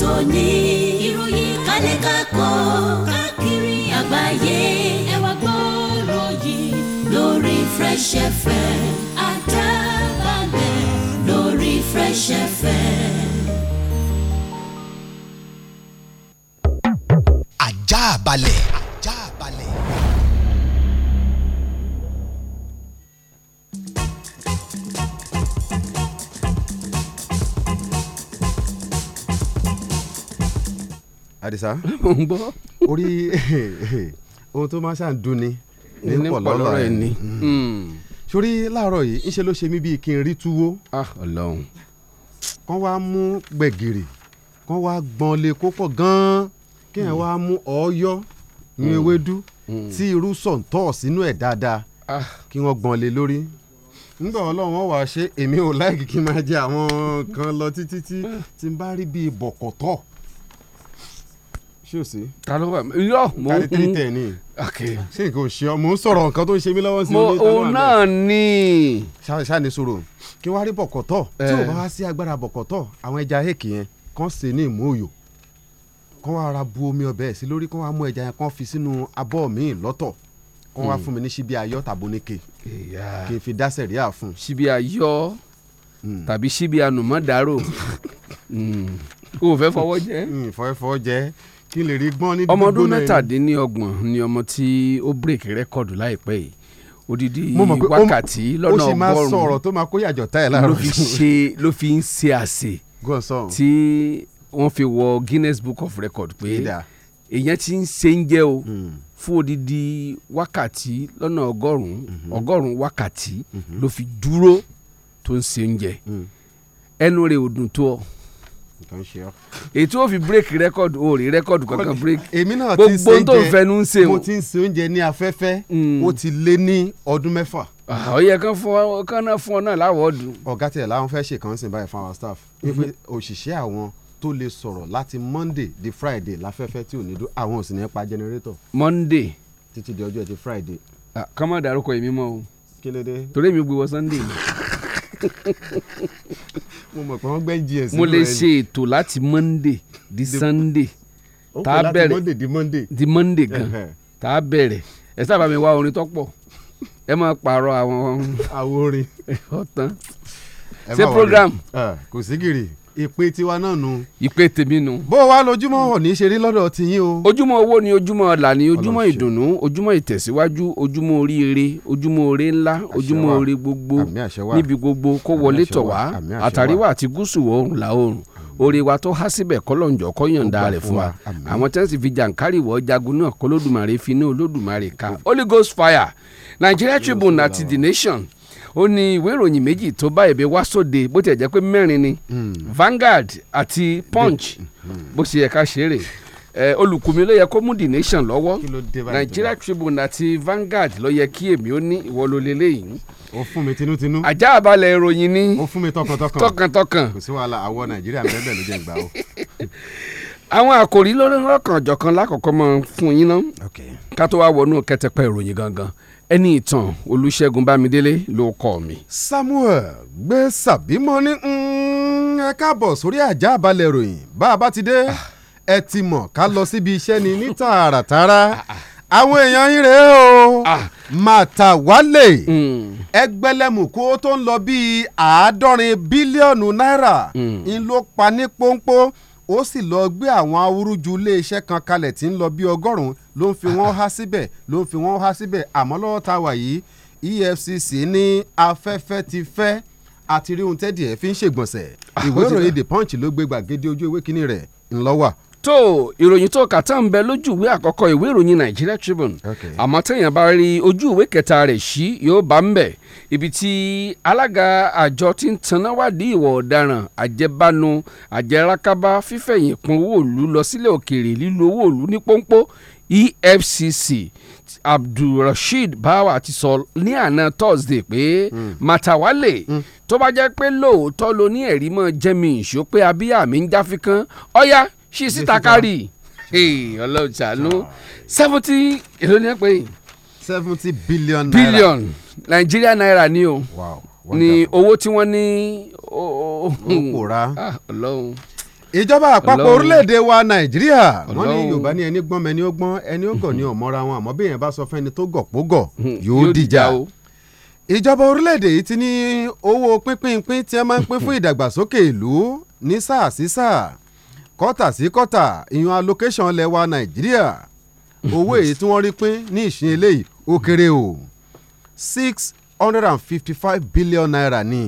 tòní ìròyìn kálẹ̀ kákọ́ káàkiri àgbáyé ẹ wá gbọ́rọ̀ yìí lórí Fresh FM Àjààbálẹ̀ lórí Fresh FM. Àjààbálẹ̀. àdìsá. mo ń gbọ́. orí ohun tó máa ṣàn dùn ni ní pọ̀lọ́rọ̀ ẹ̀ ni. Hmm. sórí láàárọ̀ yìí ńṣe ló ṣe mí bíi kí n rí túwó. Ah, ọlọ́run. kán wá mú gbẹ̀gìrì kán wá gbọ́n lé kó gan-an kí ẹ̀ hmm. wá mú ọ̀ọ́yọ́ ní hmm. ewédú tí irú sọ̀ǹtọ̀ sínú ẹ̀ dáadáa ah. kí wọ́n gbọ́n lé lórí nígbà ọlọ́run wàá ṣe èmi ò láìkì kí n máa jẹ àwọn kan lọ títí tí ah. n bá rí bíi bọ̀kọ̀tọ̀ ṣé o sí. ta ló wà yọ mo ń tari tẹ ni ṣé nǹkan ò ṣe ọ mo ń sọ̀rọ̀ nǹkan tó ń ṣe mí lọ́wọ́ sí i. òun náà ni. ṣáàní sọ̀rọ̀ kí wàá rí bọ̀kọ̀tọ̀ eh. tí ò bá wá sí agbára bọ̀kọ̀tọ̀ àwọn ẹja èkì yẹn kàn ṣe ní ìmú òyò kàn wá ra bu omi ọbẹ̀ sí lórí kàn wá mú ẹja yẹn kàn fi sínú abọ́ mi lọ́tọ̀ kàn wá hmm. fún mi ní ṣíbí ayọ́ tàbóníke kì í fi dá sẹ̀ríà hmm. hmm. o ò fẹ́ fọwọ́ jẹ kí lè rí gbọ́n ní gbígbóná. ọmọ ọdún mẹ́tàdínlọ́gbọ̀n ni ọmọ tí ó break rẹ́kọ̀dù láìpẹ́ yìí odidi wákàtí lọ́nà ọgọ́rùn-ún ó sì máa sọ̀rọ̀ tó máa kó yàjọ̀ táyà láàárọ̀ ló fi ń ṣe àṣe tí wọ́n fi wọ Guinness Book of Record pé èèyàn ti ń ṣe ń jẹ́ o hmm. fún odidi wákàtí lọ́nà ọgọ́rùn-ún hmm. ọgọ́rùn-ún wákàtí hmm. ló fi dúró tó ń ṣe ń jẹ ẹnu rẹ̀ ò dùn tó ọ nǹkan ṣe ọ. ètò òfin bírèkì rẹ́kọ̀dù o rí rẹ́kọ̀dù kankan bírèkì. èmi náà ti ṣe oúnjẹ gbogbo tó ń fẹnu ń ṣe o. mo ti ń ṣe oúnjẹ ní afẹ́fẹ́ mm. ó ti lé ní ọdún mẹ́fà. Ah, ó yẹ kán fún ọ kán náà fún ọ náà láwọ̀ọ́dù. ọ̀gá tiẹ̀ láwọn fẹ́ ṣe kàn sí báyìí fún àwọn staff wípé òṣìṣẹ́ àwọn tó lè sọ̀rọ̀ láti monday di friday láfẹ́fẹ́ tí ò ní dún àwọn ò sì ní pa generator. monday. títí di ọjọ́ ti friday. Ah, ká má dárúkọ èmi mọ́ o. kí ló dé. torí èmi sunday mo mọ̀ pé wọ́n gbẹ́ gs. lè ṣe ètò láti monday di sunday tá a bẹ̀rẹ̀ di monday gan tá a bẹ̀rẹ̀ ẹ sábà mi wá orin tó pọ̀ ẹ máa pààrọ̀ àwọn. àwọn orin. ọ̀tán ṣe program. kò sí gìrì ìpè tiwa náà nu. ìpè tèmi nu. bó o wá lójúmọ́ ò ní í ṣeré lọ́dọ̀ tiyín o. ojúmọ́ owó ni ojúmọ́ ọ̀la ni ojúmọ́ ìdùnnú ojúmọ́ ìtẹ̀síwájú ojúmọ́ oríire ojúmọ́ oore ńlá ojúmọ́ oore gbogbo níbi gbogbo kó wọlé tọ̀ wá àtàríwá àti gúúsù oòrùn la oòrùn oore wa tó há síbẹ̀ kọ́lọ́njọ́ kọ́yọ̀ǹda rẹ̀ fún wa àwọn tẹ́sí fi jàǹkárì wọ́ jagun náà kọ́lódùmarè fi ní olódùmarè kan Holy Ghost fire Nigeria Tribune àti The Nation ó ní ìwé ìròyìn méjì tó bá èbè wá sóde bó tiẹ̀ jẹ́ pé mẹ́rin ni hmm. Vanguard àti Punch hmm. bó ṣe yẹ ká ṣe rè olùkùnmi ló yẹ kó mú nation lọ́wọ́ Nigeria Tribune àti Vanguard ló yẹ kí èmi ó ní ìwọ ló lélẹ́yìn ó fún mi tinútinú. ajá àbálẹ̀ ìròyìn ni. ó fún mi tọkàntọkàn. tọkàntọkàn. kò sí wàhálà àwọ nàìjíríà bẹ́ẹ̀ ló jẹ́ ìgbà o. àwọn àkòrí lórí lọ́kànjọ̀kan lákọ̀ọ́kọ́ mọ́ fún yín náà. ká tó wá wọnú kẹtẹpẹ ìròyìn gangan. Okay ẹni ìtàn olùṣègùn bámidélé ló kọ mi. samuel gbé sàbímọ ní mm, ẹ káàbọ̀ sórí àjà àbálẹ̀ ìròyìn bá a bá ti dé ah. ẹ ti mọ̀ ká lọ síbi iṣẹ́ ni ní tààràtàrà ah, ah, àwọn èèyàn yín rèé o màtàwálè mm. ẹgbẹ̀lẹ́mùkú tó ń lọ bíi àádọ́rin bílíọ̀nù náírà ń mm. ló pa ní pọ́npọ́n ó sì lọ gbé àwọn awúrúju iléeṣẹ́ kan kalẹ̀ tí ń lọ bí ọgọ́rùn-ún ló ń fi wọ́n há síbẹ̀ ló ń fi wọ́n há síbẹ̀ àmọ́ lọ́wọ́ tá wà yìí EFCC ní afẹ́fẹ́ ti fẹ́ àti rí ohun tẹ́dí ẹ̀ fi ń ṣègbọ̀nsẹ̀ ah, ìwé ìròyìn The Punch ló gbé gbàgede ojú ewé kínní rẹ̀ ńlọ́wà tó ìròyìn tó kà tá à ń bẹ lójú ìwé àkọ́kọ́ ìwé ìròyìn Nigeria Tribune àmọ́ téèyàn bá rí ojú ìwé kẹta rẹ̀ sí yóò bá ń bẹ̀ ibi tí alága àjọ tí ń tanná wádìí ìwà ọ̀daràn àjẹbánu àjẹrákábá fífẹ̀yìn pọn owó òlu lọ sílẹ̀ òkèèrè lílo owó òlu ní pọ́npọ́ EFCC Abdulrasheed Bawa ti sọ ní àná Thursday pé mm. Matawale. Mm tó bá jẹ́ pé lóòótọ́ ló ní ẹ̀rí mọ́ jẹ́mi ìṣó pé abíyá mi ń jáfikán ọ̀yá ṣí sí takari ọlọ́run ṣàánú seventy èló ni ẹ pé. seventy billion naira billion nàìjíríà Naira ni o wow, ni owó tí wọ́n ní. ó kò ra ọlọ́run ìjọba àpapọ̀ orílẹ̀-èdè wa nàìjíríà wọ́n ní yorùbá ní ẹni gbọ́n mẹ́ni ó gbọ́n ẹni ó gọ̀ ní ọ̀mọ́ra wọn àmọ́ bí èèyàn bá sọ fẹ́ni tó gọ̀ pó gọ̀ hmm, yóò dìjà ìjọba orílẹ̀-èdè yìí ti ní owó pínpín pín tí wọ́n máa ń pín fún ìdàgbàsókè ìlú ní sáà sí sáà kọ́tà sí kọ́tà ìyọ̀n allocation ilẹ̀ wa nàìjíríà owó èyí tí wọ́n rí pín ní ìsìn eléyìí ó kéré o six hundred and fifty five billion naira ni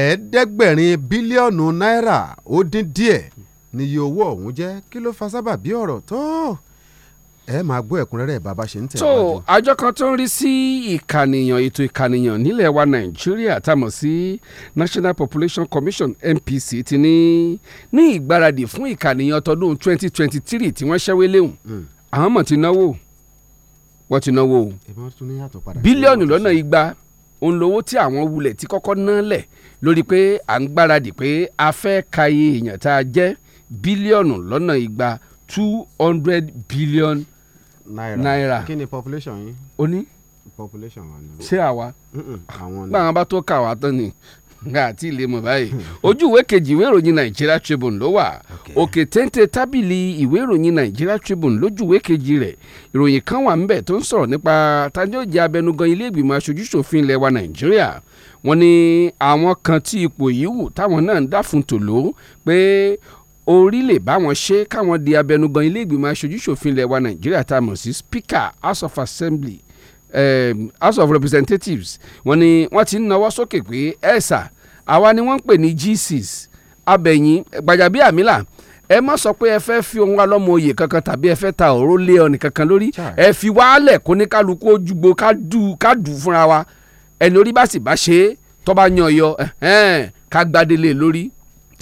ẹ̀ẹ́dẹ́gbẹ̀rin bílíọ̀nù náírà ó dín díẹ̀ níye owó ọ̀hún jẹ́ kí ló fa sábàbí ọ̀rọ̀ tó ẹ máa gbọ́ ẹ̀kúnrẹ́rẹ́ bàbá ṣe ń tẹ̀ wájú. tó àjọ kan tó ń rí sí ìkànìyàn ètò ìkànìyàn nílẹ̀ wa nàìjíríà tá a mọ̀ sí National Population Commission NPC ti ní ní ìgbáradì fún ìkànìyàn tọdún 2023 tí wọ́n ṣẹ́wé léhùn hmm. àwọn mọ̀ ti náwó wọ́n ti náwó bílíọ̀nù lọ́nà igba òun lówó tí àwọn wulẹ̀ ti kọ́kọ́ ná lẹ̀ lórí pé à ń gbáradì pé a fẹ́ ka iye èèyàn tá a jẹ́ bílíọ̀nù lọ́nà igba two hundred billion Naira. náírà kí ni population yín. o ní. population wa ni. ṣé àwa. àwọn ni. báwọn bá tó kà wá tán ni àti ilé mọ̀ báyìí ojú ìwé kejì ìwé ìròyìn Nigeria Tribune ló wà òkè téńté tábìlì ìwé ìròyìn Nigeria Tribune lójú ìwé kejì rẹ̀ ìròyìn kan wà ńbẹ̀ tó ń sọ̀rọ̀ nípa tanjọ́jì abẹnugan ilé ìgbìmọ̀ aṣojúṣòfin ilẹ̀ wa Nàìjíríà wọ́n ní àwọn kan tí ipò yìí wù táwọn náà ń dáfun tòló pé orí lè bá wọn ṣe káwọn di abẹnugan ilé ìgbìmọ̀ aṣojúṣòfin ilẹ̀ wa nàìjíríà tá a mọ̀ sí speaker house of assembly um, house of representatives wọ́n ní wọ́n ti ń nawọ́ sókè pé ẹ̀sà àwa ni wọ́n ń pè ní gcs abẹ̀yìn gbàjàbíàmílà ẹ má sọ pé ẹ fẹ́ fi ohun alọ́mọ oyè kankan tàbí ẹ fẹ́ ta òró lé ọ̀nì kankan lórí ẹ fi wálẹ̀ kó ní kálukú ojúgbó kádùn fúnra wa ẹni orí bá sì bá ṣe é tó yan ọyọ ká gbadé e lórí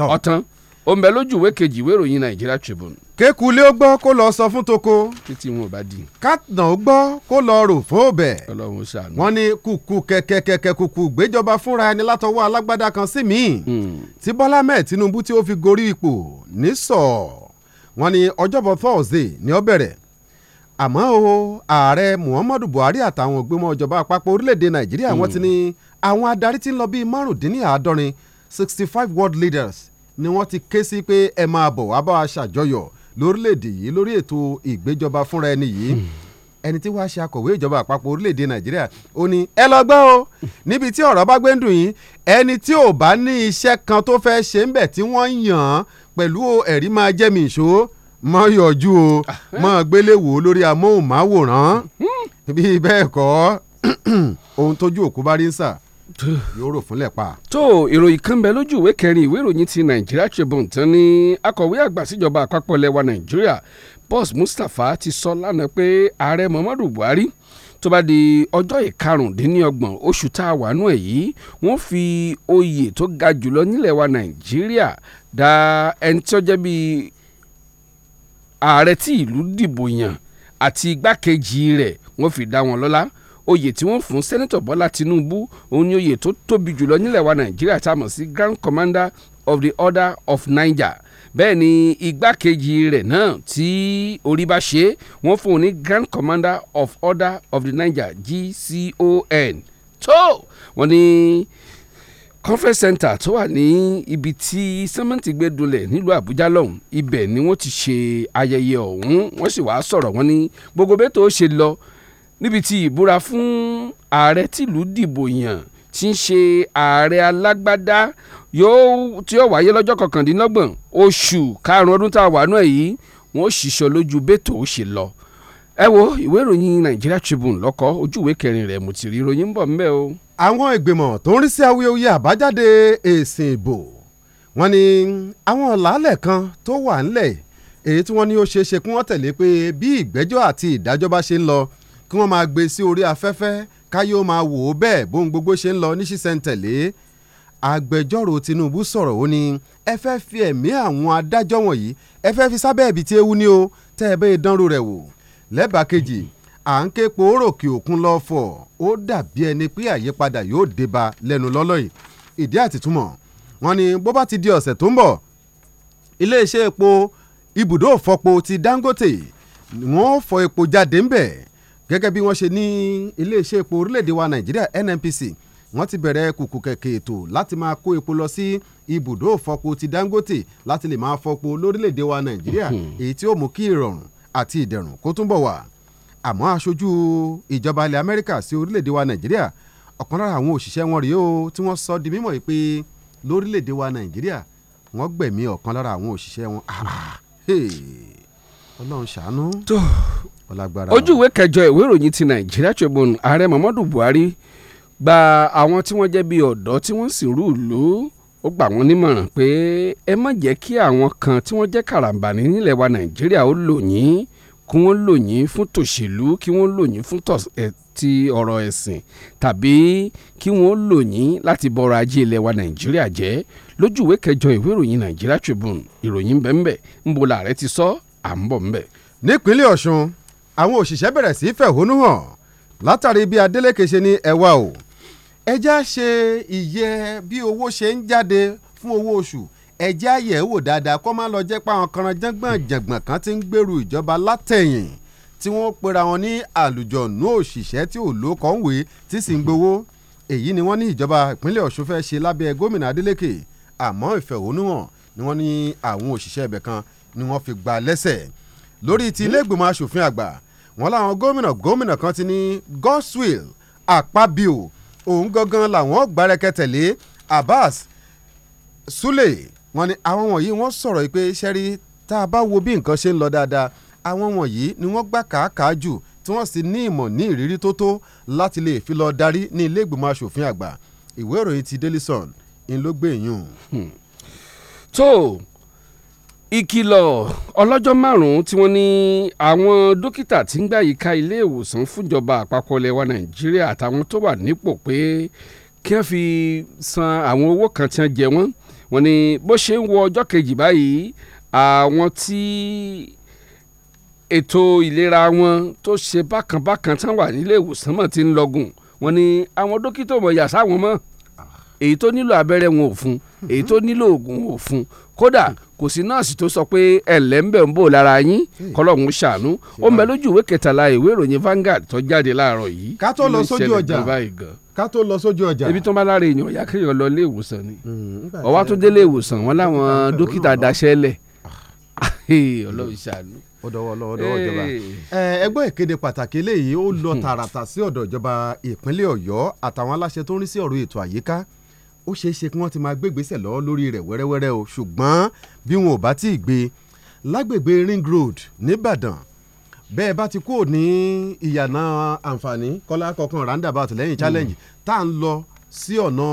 ọ̀tán ó ń bẹ lójú ìwé kejì ìwé ìròyìn Nigeria Tribune. kékulé ó gbọ́ kó lọ sọ fún toko. títí wọn ò bá di. kátnà ó gbọ́ kó lọ rò fóòbẹ̀. ọlọ́run ṣàánú. wọ́n ní kùkù kẹ̀kẹ̀kẹ̀kẹ̀ kùkù gbéjọba fúnra ẹni látọwọ́ alágbádá kan sí mi. Hmm. tí Bọ́lá mẹ́ẹ̀ Tinubu tí ó fi gorí ipò ní sọ. wọ́n ní ọjọ́bọ̀ Thursday ni ó bẹ̀rẹ̀. àmọ́ o ààrẹ Muhammadu Buhari àtàwọn ògbémọ̀ ìjọba àpapọ̀ orílẹ̀-èdè Nàìjíríà wọ́n ti hmm. ní àwọn adarí ti ń sixty five world leaders ni wọ́n ti ké sí pé ẹ máa bọ̀ wá bá wa ṣàjọyọ̀ lórílẹ̀‐èdè yìí lórí ètò ìgbéjọba fúnra ẹni yìí hmm. ẹni tí wàá ṣe akọ̀wé ìjọba àpapọ̀ orílẹ̀‐èdè nàìjíríà ó ní ẹ lọ gbọ́ o níbi tí ọ̀rọ̀ bá gbé ń dùn yín ẹni tí ò bá ní iṣẹ́ kan tó fẹ́ ṣe ń bẹ̀ tí wọ́n yàn án pẹ̀lú ẹ̀rí máa jẹ́ mi ìṣó mọ́ yọjú o ah. mọ́ gbélé wò ó lórí amóhùnmáwòrán hmm. bí bẹ́ẹ̀ kọ́ ohun tójú òkú bá rí ń sà yóò rò fúnlẹ̀ pa. tó ìròyìn kan bẹ lójú ìwé kẹrin ìwé ìròyìn ti Nigeria Tribune tán ní akọ̀wé àgbà síjọba àpapọ̀ lẹwa Nàìjíríà Boss Mustapha ti sọ lánàá pé ààrẹ Muhammadu Buhari tó bá di ọjọ́ ìkarùndínlọ́gbọ̀n oṣù tá a wà nù ẹ̀ yìí wọ́n fi oyè tó ga jùlọ nílẹ̀ wa Nàìjíríà dá ẹni tí ó jẹ́ bíi ààrẹ tí ìlú dìbò yàn àti igbákejì rẹ̀ wọ́n fi dá wọn lọ́lá oyè tí wọ́n fún sẹ́nẹ́tọ̀ bọ́lá tinúbú òun ni oyè tó tóbi jùlọ nílẹ̀ wa nàìjíríà tá a mọ̀ sí grand commander of the order of niger bẹ́ẹ̀ ni igbákejì rẹ̀ náà tí orí bá ṣe wọ́n fún un ní grand commander of order of the niger gcon tó wọ́n ní conference center tó wà ní ibi tí sẹ́mẹ́ǹtì gbé dulẹ̀ nílùú àbújá lọ́hùn ibẹ̀ ni wọ́n ti ṣe ayẹyẹ ọ̀hún wọ́n sì wáá sọ̀rọ̀ wọ́n ní gbogbo bẹ́ẹ̀ tó ṣe lọ níbi tí ìbúra fún ààrẹ tìlú dìbò yàn tí ń ṣe ààrẹ alágbádá yóò tí yóò wáyé lọ́jọ́ kọkàndínlọ́gbọ̀n oṣù karùn-ún ọdún tá a wà náà yìí wọ́n ṣìṣọ lójú bẹ́tò ó ṣe lọ. ẹ wo ìwé ìròyìn Nigeria Tribune lọ́kọ́ ojú ìwé kẹrin rẹ̀ mo ti rí ìròyìn bọ̀ ńbẹ́ o. àwọn ìgbìmọ̀ tó ń rí sí awuyewuye àbájáde èsì ìbò wọ́n ní àwọn ọ̀làálẹ̀ kan tó wà ńlẹ̀ èyí tí wọ́n ní ó ṣeé ṣe kí wọ́n tẹ̀lé pé bí ìgbẹ́jọ́ àti ìdájọ́ bá ṣe ń lọ kí wọ́n máa gbé sí orí afẹ́fẹ́ káyé ó máa wò ó bẹ́ẹ̀ bóun gbogbo ṣe ń lọ ní ṣísẹ̀ntẹ̀lé agbẹjọ́rò Tinubu sọ̀rọ̀ ó ní ẹ fẹ́ fi ẹ̀mí àwọn adájọ́ wọ̀nyí ẹ fẹ́ fi sábẹ́ ẹ̀bí tí ewu ní o tẹ́ ẹ bẹ́ẹ̀ dánrò rẹ̀ wò lẹ́bàá kejì à ń ké poóròkè òkun lọ fọ̀ ó dàbí ẹni pé àyípadà yóò débá lẹ́nu lọ́lọ́ yìí ìdí àtìtúmọ̀ wọ́n ní bó bá ti di ọ̀sẹ̀ tó ń bọ̀ iléeṣẹ́ epo ibùdó ìfọpo ti Dangote wọ́n fọ epo jáde ńbẹ̀ gẹ́gẹ́ bí wọ́n ṣe ní iléeṣẹ́ epo orílẹ̀-èdè wa nàìjíríà nnpc wọ́n ti bẹ̀rẹ̀ kùkù kẹ̀kẹ́ ètò láti máa kó epo lọ sí ibùdó ìfọpo ti dangote láti lè máa fọpo lórílẹ̀-èdè wa nàìjíríà hmm. èyí tí ó mú kí ìrọ̀rùn àti ìdẹ̀rùn kó túnbọ̀ wà àmọ́ aṣojú ìjọba ilẹ̀ amẹ́ríkà sí orílẹ̀-èdè wa nàìjíríà ọ̀kan lára àwọn òṣìṣẹ́ wọn rèé o tí wọ́n sọ di mímọ̀ pé lórílẹ̀-èdè wa nàìjíríà wọ́n gbẹ̀mí ọ̀kan lára àwọn òṣìṣẹ́ wọn ah, ah, ọlọ́run ṣàánú ojú ìwé kẹjọ ìwé ìròyìn ti nàìjíríà tribune ààrẹ muhammadu buhari gba àwọn tí wọ́n jẹ́ bíi ọ̀dọ́ tí wọ́n sì rú ìlú ó gbà wọ́n nímọ̀ràn pé ẹ má jẹ́ kí àwọn kan tí wọ́n jẹ́ karambani nílẹ̀ wa nàìjíríà ó lò yín kí wọ́n lò yín fún tòṣèlú kí wọ́n lò yín fún ti ọ̀rọ̀ ẹ̀sìn tàbí kí wọ́n lò yín láti bọ́ra ajé ilẹ̀ wa nàìjíríà jẹ́ lójú ìwé kẹjọ ìwé ìròyìn nàìjíríà tribune ìròyìn bẹ́ẹ̀ ń bò làárẹ̀ ti sọ à ń bọ̀ ń bẹ̀. nípínlẹ̀ ọ̀ṣun àwọn òṣìṣẹ́ bẹ̀rẹ̀ sí í fẹ̀hónú hàn látàrí bí Adeleke ṣe ní ẹ̀wà o ẹjẹ́ á ṣe ìyẹ bí owó ṣe ń jáde fún owó oṣù ẹjẹ́ àyẹ̀ wò dáadáa kó má lọ jẹ́ pé àwọn kanran jẹ́gbọ̀n jẹ̀gbọ̀n kan ti ń gbèrú ìjọba látẹ̀yìn tí wọ́n pera wọn ní àlùjọ̀nù òṣìṣẹ́ tí ò lóko ń wé tí sì ń gbowó èyí ni wọ́n ní ìjọba ìpínlẹ̀ Ọ̀ṣun fẹ́ ṣe lábẹ́ gómìnà Adeleke àmọ́ ìfẹ̀hónúhàn ni wọ́n ní àwọn òṣìṣẹ́ ibẹ̀ kan ni wọ́n fi gba lẹ́sẹ̀ lórí ti ilé ìgbìmọ̀ asòfin àgbà wọ́n láwọn gómìnà gómìnà kan ti ní Godswill Akpabio òun gangan làwọn gbárẹ́kẹ̀tẹ̀lé Abbas Sule wọ́n ní àwọn wọ̀nyí wọ́n sọ̀rọ̀ yìí pé sẹ́rí tá a bá wo bí nǹkan ṣe ń lọ dáadáa àwọn wọ̀nyí ni wọ́n gbà kàákàá jù tí wọ́n sì ní ìmọ̀ ní ìrírí tó tó láti lè fi lọ darí ní ilé asòfin àgbà ìwé ìròyìn ti Daily ń ló gbé yùn. tó ìkìlọ̀ ọlọ́jọ́ márùn-ún tí wọ́n ní àwọn dókítà tí ń gbà yíká ilé ìwòsàn fúnjọba àpapọ̀ ilẹ̀ wa nàìjíríà àtàwọn tó wà nípò pé kí wọ́n fi san àwọn owó kan tí wọ́n jẹ wọ́n wọ́n ní bó ṣe ń wọ ọjọ́ kejì báyìí àwọn tí ètò ìlera wọn tó ṣe bákanbákan tán wà nílé ìwòsàn mọ̀ ti ń lọ́gùn wọ́n ní àwọn dókítà mọ̀ yà sáwọn mọ́ ah. èyí tó nílò abẹ́rẹ́ wọn ò fún èyí tó nílò oògùn ò fún kódà kò sí nọ́ọ̀sì tó sọ pé ẹ̀lẹ́ ń bẹ̀ ń bò lára yín kọlọ́hún ṣàánú ó mẹ lójú ìwé kẹtàlá ìwé ìròyìn Vanguard tó jáde láàárọ̀ yìí. ká tó lọ sójú ọjà ká tó lọ sójú ọjà. ibi tó bá lára èèyàn ya kéèyàn lọ ilé ìwòsàn ni hmm, ọwọ́ tó délé ìwòsàn wọn láwọn dókítà daṣẹ́ lẹ̀ ah. ọlọ́run hmm. ṣàánú hmm. ọ̀dọ̀ ìjọba ó ṣeé ṣe kí wọ́n ti máa gbé ìgbésẹ̀ lọ́wọ́ lórí rẹ̀ wẹ́rẹ́wẹ́rẹ́ o ṣùgbọ́n bí wọn ò bá tí ì gbé e, lágbègbè ring road nìbàdàn bẹ́ẹ̀ bá ti kú ní ìyànà àǹfààní kọ́lá kọ̀ọ̀kan roundabout lẹ́yìn hmm. challenge tá à ń lọ sí ọ̀nà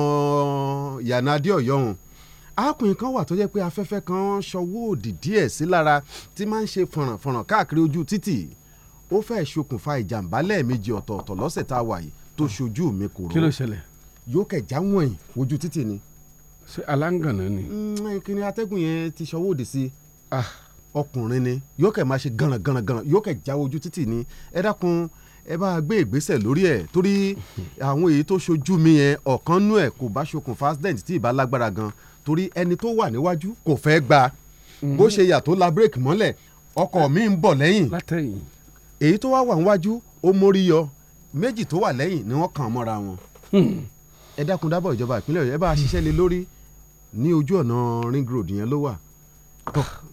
ìyànà adéọ̀yọ́hún arákùnrin kan wà tó jẹ́ pé afẹ́fẹ́ kan ṣọwọ́ òdì díẹ̀ sí lára tí máa ń ṣe fọ̀nrànfọ̀nràn káàkiri ojú títì ó fẹ́ ṣokùnfà ìjàmbá lẹ́ẹ̀mejì ọ̀tọ̀ọ̀tọ̀ lọ́sẹ̀ tá a wà yìí tó hmm. ṣojú mi kò rò. kí ló ṣẹlẹ̀ yóò kẹ̀ já wọ̀nyí ojú títì ni. ṣé alangana ni. Mm, kìnìún atẹ́gùn yẹn ti ṣọwọ́ òdì sí i ah. ọkùnrin ni yóò kẹ̀ máa ṣe gànràn gànràn gànràn yóò kẹ̀ já ojú títì ni ẹ dákun ẹ bá gbé ìgbésẹ̀ lórí ẹ̀ torí àwọn èyí tó ṣojú mi yẹn ọ̀kan nú ẹ̀ kò bá ṣokùnfà accident tí ì bá lágbára gan torí ẹni tó wà níwájú kò fẹ́ gbà mm-hmm. bó ṣe yà tó la bírèkì mọ́lẹ̀ ọkọ̀ mi ń bọ̀ lẹ́yìn èyí tó wá wà níwájú ó mórí yọ méjì tó wà lẹ́yìn ni wọ́n kàn mọ́ra wọn. Hmm ẹ dákun dábọ̀ ìjọba ìpínlẹ̀ ọ̀yọ́ ẹ bá a ṣiṣẹ́ lé lórí ní ojú ọ̀nà ring road yẹn ló wà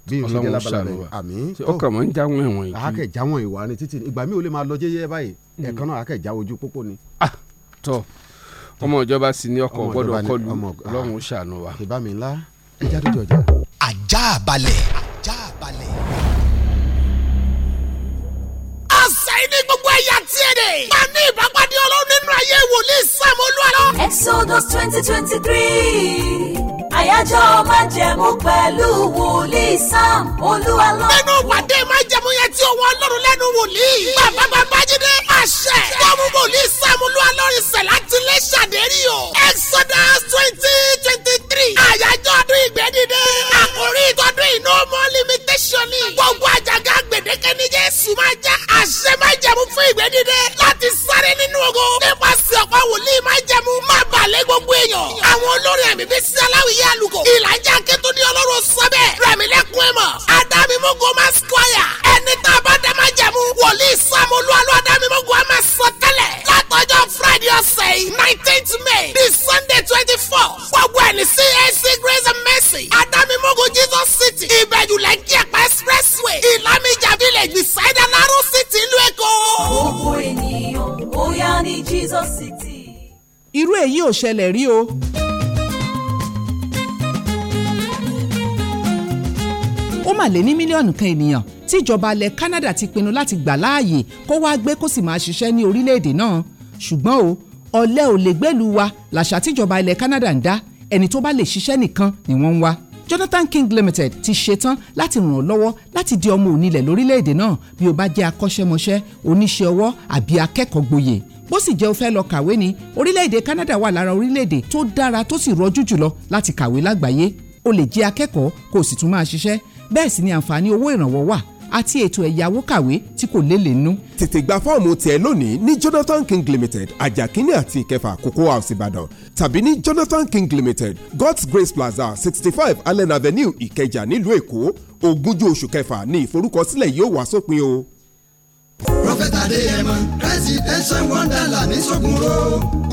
bí n sọjẹ labalabẹ àmì ọkọ mọ n jáwọn ẹwọn yìí. àákẹ́ jáwọn ìwà ni títí ìgbà mi ò lè máa lọ jẹ́jẹ́ báyìí hmm. ẹ̀kan náà àákẹ́ já ojú pópó ni. Ah, tọ ọmọ ìjọba sì ni ọkọ̀ gbọ́dọ̀ kọlu Ọlọ́run ó ṣàánú wa. ìbámi ńlá ẹ jáde friday. máa ní ìbápadé ọlọ́run nínú ayé wòlíì sàmúlò àlọ́. exodus twenty twenty three àyájọ́ májẹ̀mú pẹ̀lú wòlíì sam olúwalọ́. nínú ìpàdé májẹ̀mú yẹn tí òun ọlọ́run lẹ́nu wòlíì. bàbá bàbá jíde àṣẹ. fọ́ọ̀mù wòlíì sam olúwalọ́run ìṣẹ̀lá ti lé ṣàdérí o. exodus twenty twenty three àyájọ́ ọdún ìgbẹ́dìde. àkórí ìtọ́dún ìnáwó mọ́ limitation ni. gbogbo àjàgà gbèdéke ní jẹ́ Jésù máa jẹ́ àṣẹ máa jẹ̀mú fún ìgbé dídé láti sáré nínú ogo nípasẹ̀ ọ̀pá wòlíì máa jẹ̀mú má balẹ̀ gbogbo èèyàn. Àwọn olórin ẹ̀mí bíi Sialáwìyé Àlùkò, Ìlàjà Akétúndé Ọlọ́run Sọ́bẹ̀, Rẹ̀mílẹ́kùn Ẹ̀mọ̀, Adámímógó Masquire, ẹni tá a bá dá máa jẹ̀mú, wòlíì Sàmúlú Alú Adámímógó á máa sọ tẹ́lẹ̀ ọ̀sẹ̀ yìí nineteenth May ní Sunday twenty four gbogbo ẹ̀ ní CAC Grace and Mercy Adamimogo Jesus City Ìbẹ̀jú Lẹ́kí Ẹ̀pẹ́ Expressway Ìlàmìjà Village beside Alaro City ìlú Èkó. Gbogbo ènìyàn ó ní Jesus City. Irú èyí ò ṣẹlẹ̀ rí o. ó mà lé ní mílíọ̀nù kan ènìyàn tí ìjọba alẹ̀ Canada ti pinnu láti gbà láàyè kó wáá gbé kó sì máa ṣiṣẹ́ ní orílẹ̀-èdè náà ṣùgbọ́n o ọ̀lẹ ò lè gbẹ́lu wa làṣà tíjọba ilẹ̀ Canada ń dá ẹni tó bá lè ṣiṣẹ́ nìkan ni wọ́n ń wá Jonathan King Limited ti ṣetán láti ràn ọ́ lọ́wọ́ láti di ọmọ onílẹ̀ lórílẹ̀‐èdè náà bí o bá jẹ́ akọ́ṣẹ́mọṣẹ́ oníṣẹ́ ọwọ́ àbí akẹ́kọ̀ọ́ gboyè bó sì jẹ́ o fẹ́ lọ kàwé ní orílẹ̀‐èdè Canada wà lára orílẹ̀‐èdè tó dára tó sì rọjú jùlọ láti kàwé lágbàáyé o lè jẹ́ akẹ́kọ̀ọ́ kó o sì tún máa ṣiṣẹ́ bẹ́ẹ̀ sì ni àǹfààní owó ìrànwọ́ wà àti ètò ẹ̀yáwó kàwé tí kò lélẹ̀ nú. tètè gba fọ́ọ̀mù tiẹ̀ lónìí ní Jonathan King Limited ajakini àti ìkẹfà Cocoa House Ìbàdàn tàbí ní Jonathan King Limited God's Grace Plaza sixty five Allen Avenue Ìkẹjà nílùú Èkó ogúnjọ́ oṣù kẹfà ni ìforúkọsílẹ̀ yóò wá sópin o. Prọfẹ̀tà Adéyẹmọ Christ Tension ní Sọ́gun Ró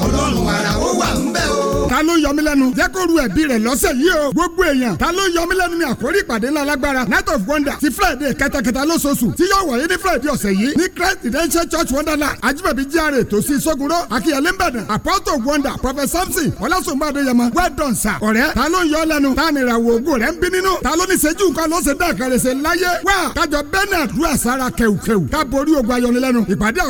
Ọlọ́run àrà wà ń bẹ̀ o ta ló yọ mí lẹ́nu jẹ́ kó ru ẹ̀bí rẹ̀ lọ́sẹ̀ yìí o gbogbo èèyàn ta ló yọ mí lẹ́nu ni àkórí ìpàdé ńlá lágbára night of wonder ti friday kẹtàkẹtà lóṣooṣù tí yóò wáyé ní friday ọ̀sẹ̀ yìí ní christ redemption church wonderland ajimabi jare tòsí sogoro akíyẹlé nbàdàn apostle wonder prophet samson ọlásùnmọ́ adéyẹmọ well done sir ọ̀rẹ́ ta ló yọ lẹ́nu ta ni ìràwọ̀ ògùn rẹ̀ ń bí nínú ta ló ní sejú nǹkan ló ṣe dákàrẹsẹ̀ láyé wá kájọ bernard rú àsárá kẹwùkẹwù ká borí ogun ayọnilẹ́nu ìpàdé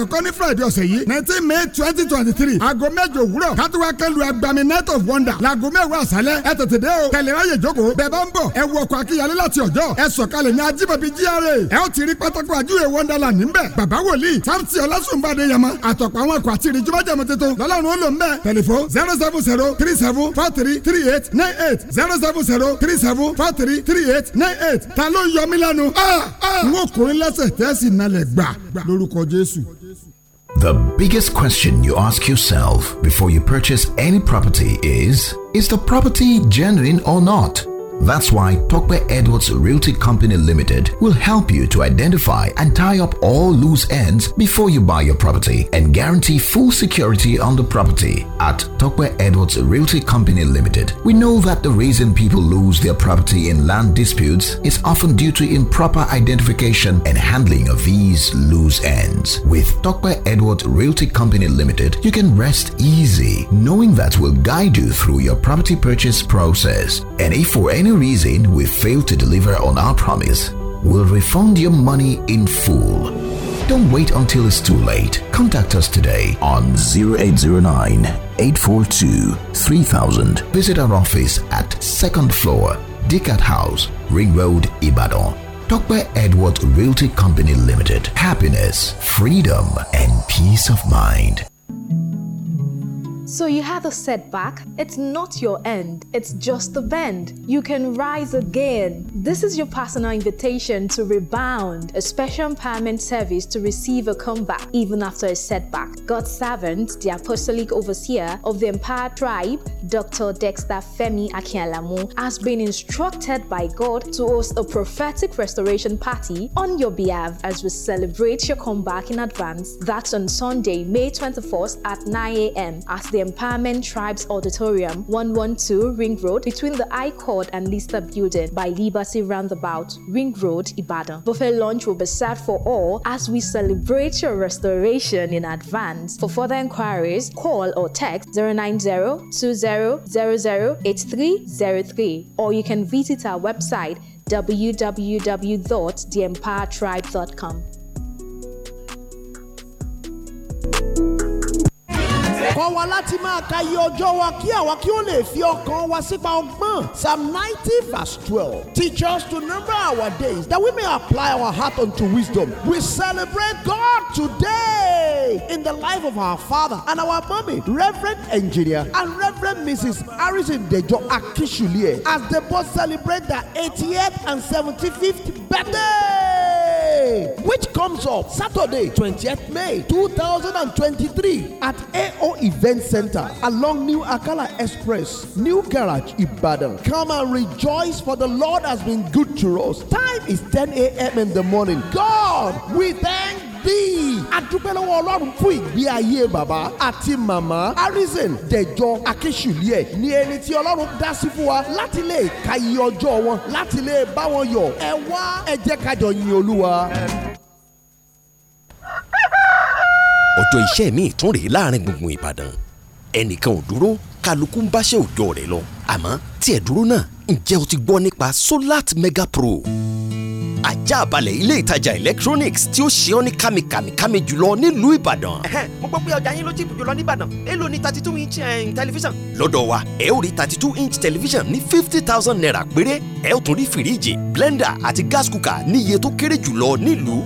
may twenty twenty three aago mẹ́jọ òwúrọ̀ kátó of wonder laago mẹ́wàá àṣálẹ́ ẹ tètè dé o tẹ̀lé ráyè jókòó bẹ́ẹ̀ bá ń bọ̀ ẹ wọ ọkọ̀ akínyalé láti ọjọ́ ẹ sọ̀kalẹ̀ ní ajíbọ̀bí GRA ẹ ó ti rí pátákó àjúwe wonderland níbẹ̀ bàbá wòlíì samson ọlásùnbàdé yamọ àtọ̀pọ̀ àwọn ọkọ̀ àti ìrìnjúmọ́ jẹ̀mọ́ tuntun lọ́lọ́run ó lò ń bẹ̀ tẹlifon zero seven zero three seven four three three eight nine eight zero seven zero three seven four three three eight nine eight ta ló yọ mí lẹ́nu. Ah, ah. n ó kórè lẹ́sẹ̀ tẹ́sí nalẹ̀ gbà lórúkọ Jésù. The biggest question you ask yourself before you purchase any property is Is the property genuine or not? That's why Tokwe Edwards Realty Company Limited will help you to identify and tie up all loose ends before you buy your property and guarantee full security on the property. At Tokwe Edwards Realty Company Limited, we know that the reason people lose their property in land disputes is often due to improper identification and handling of these loose ends. With Tokwe Edwards Realty Company Limited, you can rest easy knowing that we'll guide you through your property purchase process. And if for any any reason we fail to deliver on our promise, we'll refund your money in full. Don't wait until it's too late. Contact us today on 0809 842 3000. Visit our office at 2nd floor, Dickard House, Ring Road, Ibadan. Talk by Edward Realty Company Limited. Happiness, freedom, and peace of mind. So you had a setback. It's not your end, it's just the bend. You can rise again. This is your personal invitation to rebound, a special empowerment service to receive a comeback even after a setback. God's servant, the apostolic overseer of the Empowered Tribe, Dr. Dexter Femi Akialamu, has been instructed by God to host a prophetic restoration party on your behalf as we celebrate your comeback in advance. That's on Sunday, May twenty-fourth at 9 a.m. at the Empowerment Tribes Auditorium, 112 Ring Road, between the I Court and Lista Building by Liberty Roundabout, Ring Road, Ibadan. Buffet lunch will be served for all as we celebrate your restoration in advance. For further inquiries, call or text 090 or you can visit our website www.theempowertribe.com. ẹ̀kọ́ wa láti máa ka iye ọjọ́ wa kí àwa kí ó lè fi ọkàn wa sípa ọgbọ́n Psalm ninety verse twelve teach us to number our days that we may apply our heart unto wisdom we celebrate God today in the life of our father and our mommy Reverend Engineer and Reverend Mrs. Harrison Dejo Akishulie as they both celebrate their 80th and 75th birthday. which comes up Saturday, 20th May 2023 at AO Event Center along New Akala Express, New Garage, Ibadan. Come and rejoice for the Lord has been good to us. Time is 10 a.m. in the morning. God, we thank bí. a dúpẹ́ lọ́wọ́ ọlọ́run fún ìgbé ayé bàbá àti màmá harrison dẹjọ́ akínsùlẹ̀ ní ẹni tí ọlọ́run dá sí fún wa láti lè ka iye ọjọ́ wọn láti lè bá wọn yọ ẹ wá ẹ jẹ́ ká jọ yin olúwa ọjọ́ iṣẹ́ mi tún rèé láàrin gbùngbùn ìbàdàn ẹnìkan ò dúró kálukú ń báṣẹ́ òjọ́ rẹ̀ lọ àmọ́ tí ẹ dúró náà ǹjẹ́ o ti gbọ́ nípa solat mega pro ajá balẹ̀ ilé ìtajà electronics tí ó ṣe ọ́ ní kàmìkàmìkàmì jùlọ nílùú ìbàdàn. mo gbọ́ pé ọjà yín ló chip jùlọ nìbàdàn èló ni thirty two inch eh, television. lọ́dọ̀ wa ẹ ó rí thirty two inch television ní fifty thousand naira péré ẹ ó tún rí fìríìjì blender àti gas cooker ní iye tó kéré jùlọ nílùú.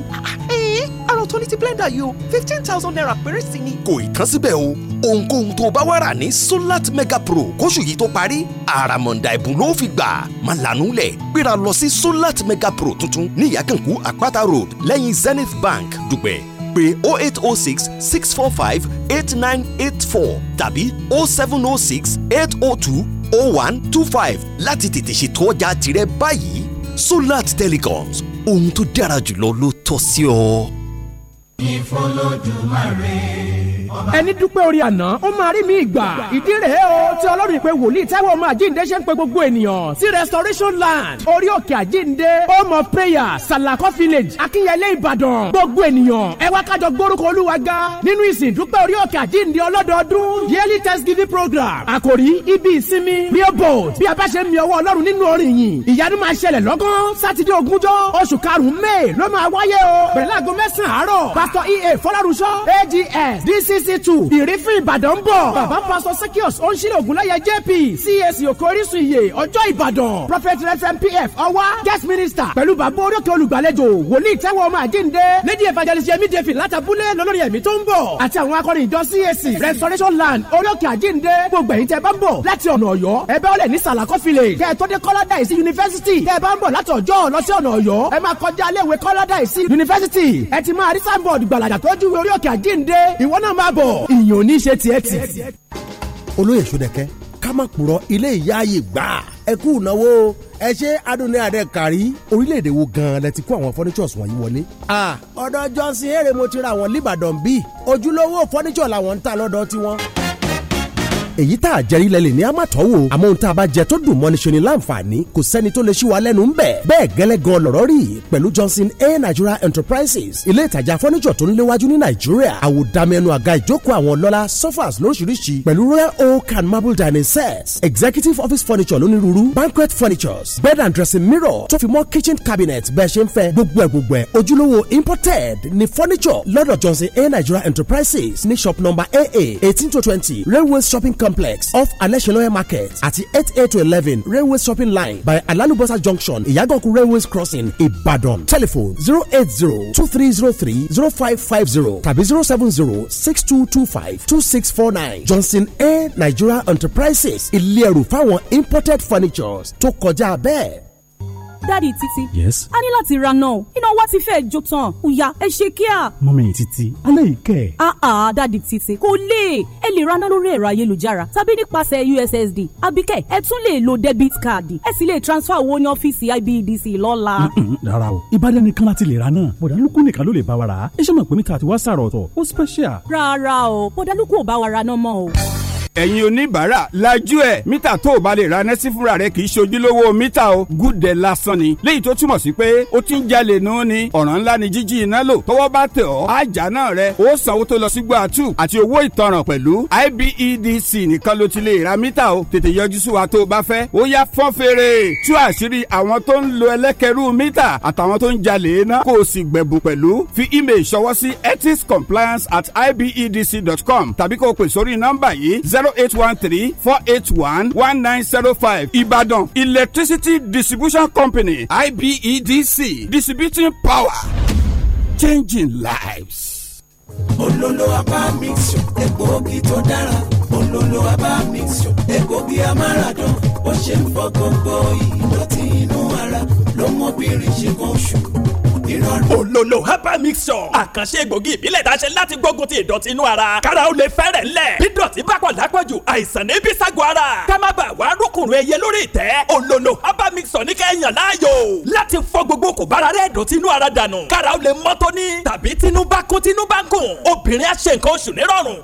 Eh, Arotoni blender yìí o fifteen thousand naira péré sí ni. kò ì tán síbẹ̀ o ohunkóhun tó bá wá rà ní Solat Mega Pro kóṣù yìí tó parí àràmọ̀ǹdà ẹ̀bùn ló fi gbà má lànà lẹ̀ gbéra lọ sí Solat Mega Pro tuntun ní Ìyákànkù Àpáta Road lẹ́yìn Zenith Bank Dùgbẹ̀ pé 0806 645 8984 tàbí 0706 802 0125 láti tètè ṣètò ọjà tirẹ̀ báyìí Solat Telecoms ohun tó dára jùlọ ló tọ́ sí ọ. ìfọlọ́dúnmáre. ẹni dúpẹ́ orí àná ó máa rí mi ìgbà ìdí rèé o tí ọlọ́run ìpè wòlíì Táíwò ọmọ àjíǹde ṣe ń pe gbogbo ènìyàn sí restoration land orí òkè àjíǹde home of prayer salako village akínyẹlé ìbàdàn gbogbo ènìyàn ẹ wá kájọ gbórúkọ olúwa ga nínú ìsìn dúpẹ́ orí òkè àjíǹde ọlọ́dọọdún yearly thanksgiving program àkòrí ibi ìsinmi real bold bí a bá ṣe ń mi ọwọ́ ọlọ́run nínú orin yìí ìyanu máa ṣẹlẹ̀ lọ́gán sátidé ogúnjọ́ oṣù karùn-ún may ló máa wáyé o bẹ̀rẹ̀ láago mẹ́sàn-án àárọ̀ pastor ea fọlárunṣọ́ ags dc ccc two ìrífín ìbàdàn ń bọ̀ bàbá pásọ sikios onṣílẹ̀ ògúnláyà jp csc òkè orísun ìyè ọjọ́ ìbàdàn prophet reverend pf ọwá guest minister pẹ̀lú bàbá orókè olùgbàlejò wòlíì tẹ́wọ́ ọmọ àjíǹde lady evangelist yemi david látàbúlé lọ́lọ́rì ẹ̀mí tó ń bọ̀ àti àwọn akọrin ìjọ csc restoration land orókè àjíǹde gbogbo ẹ̀yin tẹ́ bá ń bọ̀ láti ọ̀nà ọ̀yọ́ ẹ bá ọlẹ̀ ní sàlàkọ́ filẹ̀ kẹ́ ẹ tó dé kọ́ládàísí yunifásitì tẹ́ ẹ bá ń bọ̀ láti ọjọ́ lọ sí ọ̀nà ọ̀yọ́ ẹ máa kọjá léwe kọ́ládàísí yunifásitì ẹ ti máa rí sáńbọ̀dù gbàlàjà tó júwe orí òkè àjíǹde ìwọ náà má bá bọ̀ ìyàn ò ní ṣe tiẹ̀ tì. olóyè sódẹ̀kẹ́ ká má purọ́ ilé ìyá ayé gbà ẹ kú ìnáwó ẹ ṣe adùnní àdẹ kárí orílẹ̀-èdè wo gan-an lẹ ti kó àwọn fọ́nísọ̀sì wọ̀nyí wọlé. ọ̀dọ̀ johnson eré mo ti ra àwọn líbàdàn bíi ojúlówó fọ́nísọ̀ làwọn ń ta lọ́dọ̀ tiwọn èyí tá a jẹrí lẹ́lẹ̀ ní amátọ́ wò àmọ́ ohun tá a bá jẹ tó dùn mọ́ni ṣe láǹfààní kò sẹ́ni tó lè ṣí wa lẹ́nu ń bẹ́ẹ̀ gẹ́lẹ́gan lọ̀rọ̀ rí pẹ̀lú Johnson A Nigeria Enterprises ilé ìtajà fọ́nìṣọ̀ tó ń léwájú ní Nàìjíríà àwòdàmẹ́nu àga ìjókòó àwọn ọlọ́lá sofas lóríṣiríṣi pẹ̀lú royal oak and marble dining sets executive office furniture lónírúurú banquet furnitures bed and dressing mirror tó fi mọ́ kitchen cabinet bẹ́ẹ̀ ṣe ń fẹ́ gbogbo ẹ̀ gbogbo imported ní furniture lọ́dọ̀ Johnson A Nigeria Enterprises ní shop number AA eighteen to twenty railway shopping complex off Anesinoye market at the 8A to 11 railway shopping line by Alalubosa junction Ìyágànkù railways crossing Ibadan. telephone 080 eight zero two three zero three Johnson A Nigeria Enterprises ilé ẹrù imported furnitures tó kọjá bẹ́ẹ̀ dáàdi Titi, yes. a ní láti ra náà iná wa ti fẹ́ jó tán ó yá ẹ ṣe kíá. mọ́mí títí alẹ́ yìí kẹ́. àà dáàdi títí kò lè ẹ lè ra náà lórí ẹ̀rọ ayélujára tàbí nípasẹ̀ ussd àbíkẹ́ ẹ tún lè lo debit card ẹ sì lè transfer owó ní ọ́fíìsì ibedc lọ́la. Mm, mm, rárá o ìbàdàn nìkan láti lè ra náà bọ̀dálùkù nìkan ló lè bá wa rà á ẹ ṣe mọ̀ pé mi ta àti wá sàrọ̀ ọ̀tọ̀ ó special. rárá o bọ̀dálùkù ò bá wa ra náà mọ́ o ẹ̀yin oníbàárà lajú ẹ̀ mítà tó o bá lè ra nẹ́sí fúnra rẹ̀ kì í ṣojúlówó mítà o gúdẹ̀ lásán ni léyìí tó túmọ̀ sí pé o ti ń jalè nù ni ọ̀ràn ńlá ni jíjí iná lò tọwọ́ bá tẹ̀ ọ́ àjà náà rẹ̀ ó sanwó tó lọ sí gbàtú àti owó ìtanràn pẹ̀lú IBEDC nìkan ló ti lè ra mítà o tètè yọjú sí wa tó o bá fẹ́ ó yá fọ́n fèrè tú àṣírí àwọn tó ń lo ẹlẹ́kẹ̀rú mítà àtàwọn tó ń jalè iná kó o sì gbẹ̀bù pẹ̀lú fi email ṣọwọ́ sí ethicscompliance e tàbí kó o pè sórí nọ́mbà yìí zero zero eight one three four eight one one nine zero five Ibadan Electricity Distribution Company IBEDC distributing power changing lives. olólo abá mixture egbòogi tó dára olólo abá mixture egbòogi amáradán ó ṣe ń fọ gbogbo ìdọ̀tí inú ara ló mú bí ṣù ìrọ̀rùn. olólo herbal mixture àkànṣe egbògi ìbílẹ̀ tá a ṣe láti gbógun ti ìdọ̀tí inú ara. kára ó lè fẹ́rẹ̀ ńlẹ̀. bí dọ̀tí bá pọ̀ lápọ̀jù àìsàn ní bísàgò ara. ká má bàa wá rúkùnrin ẹyẹ lórí ìtẹ́. olólo herbal mixture ní kẹ́yàn láàyò. láti fọ gbogbo kò bára rẹ̀ ìdọ̀tí inú ara dànù. kára ó lè mọ́ tóní. tàbí tinú bá kún tinú bá kùn. obìnrin á ṣe nǹkan oṣù nírọ̀rùn.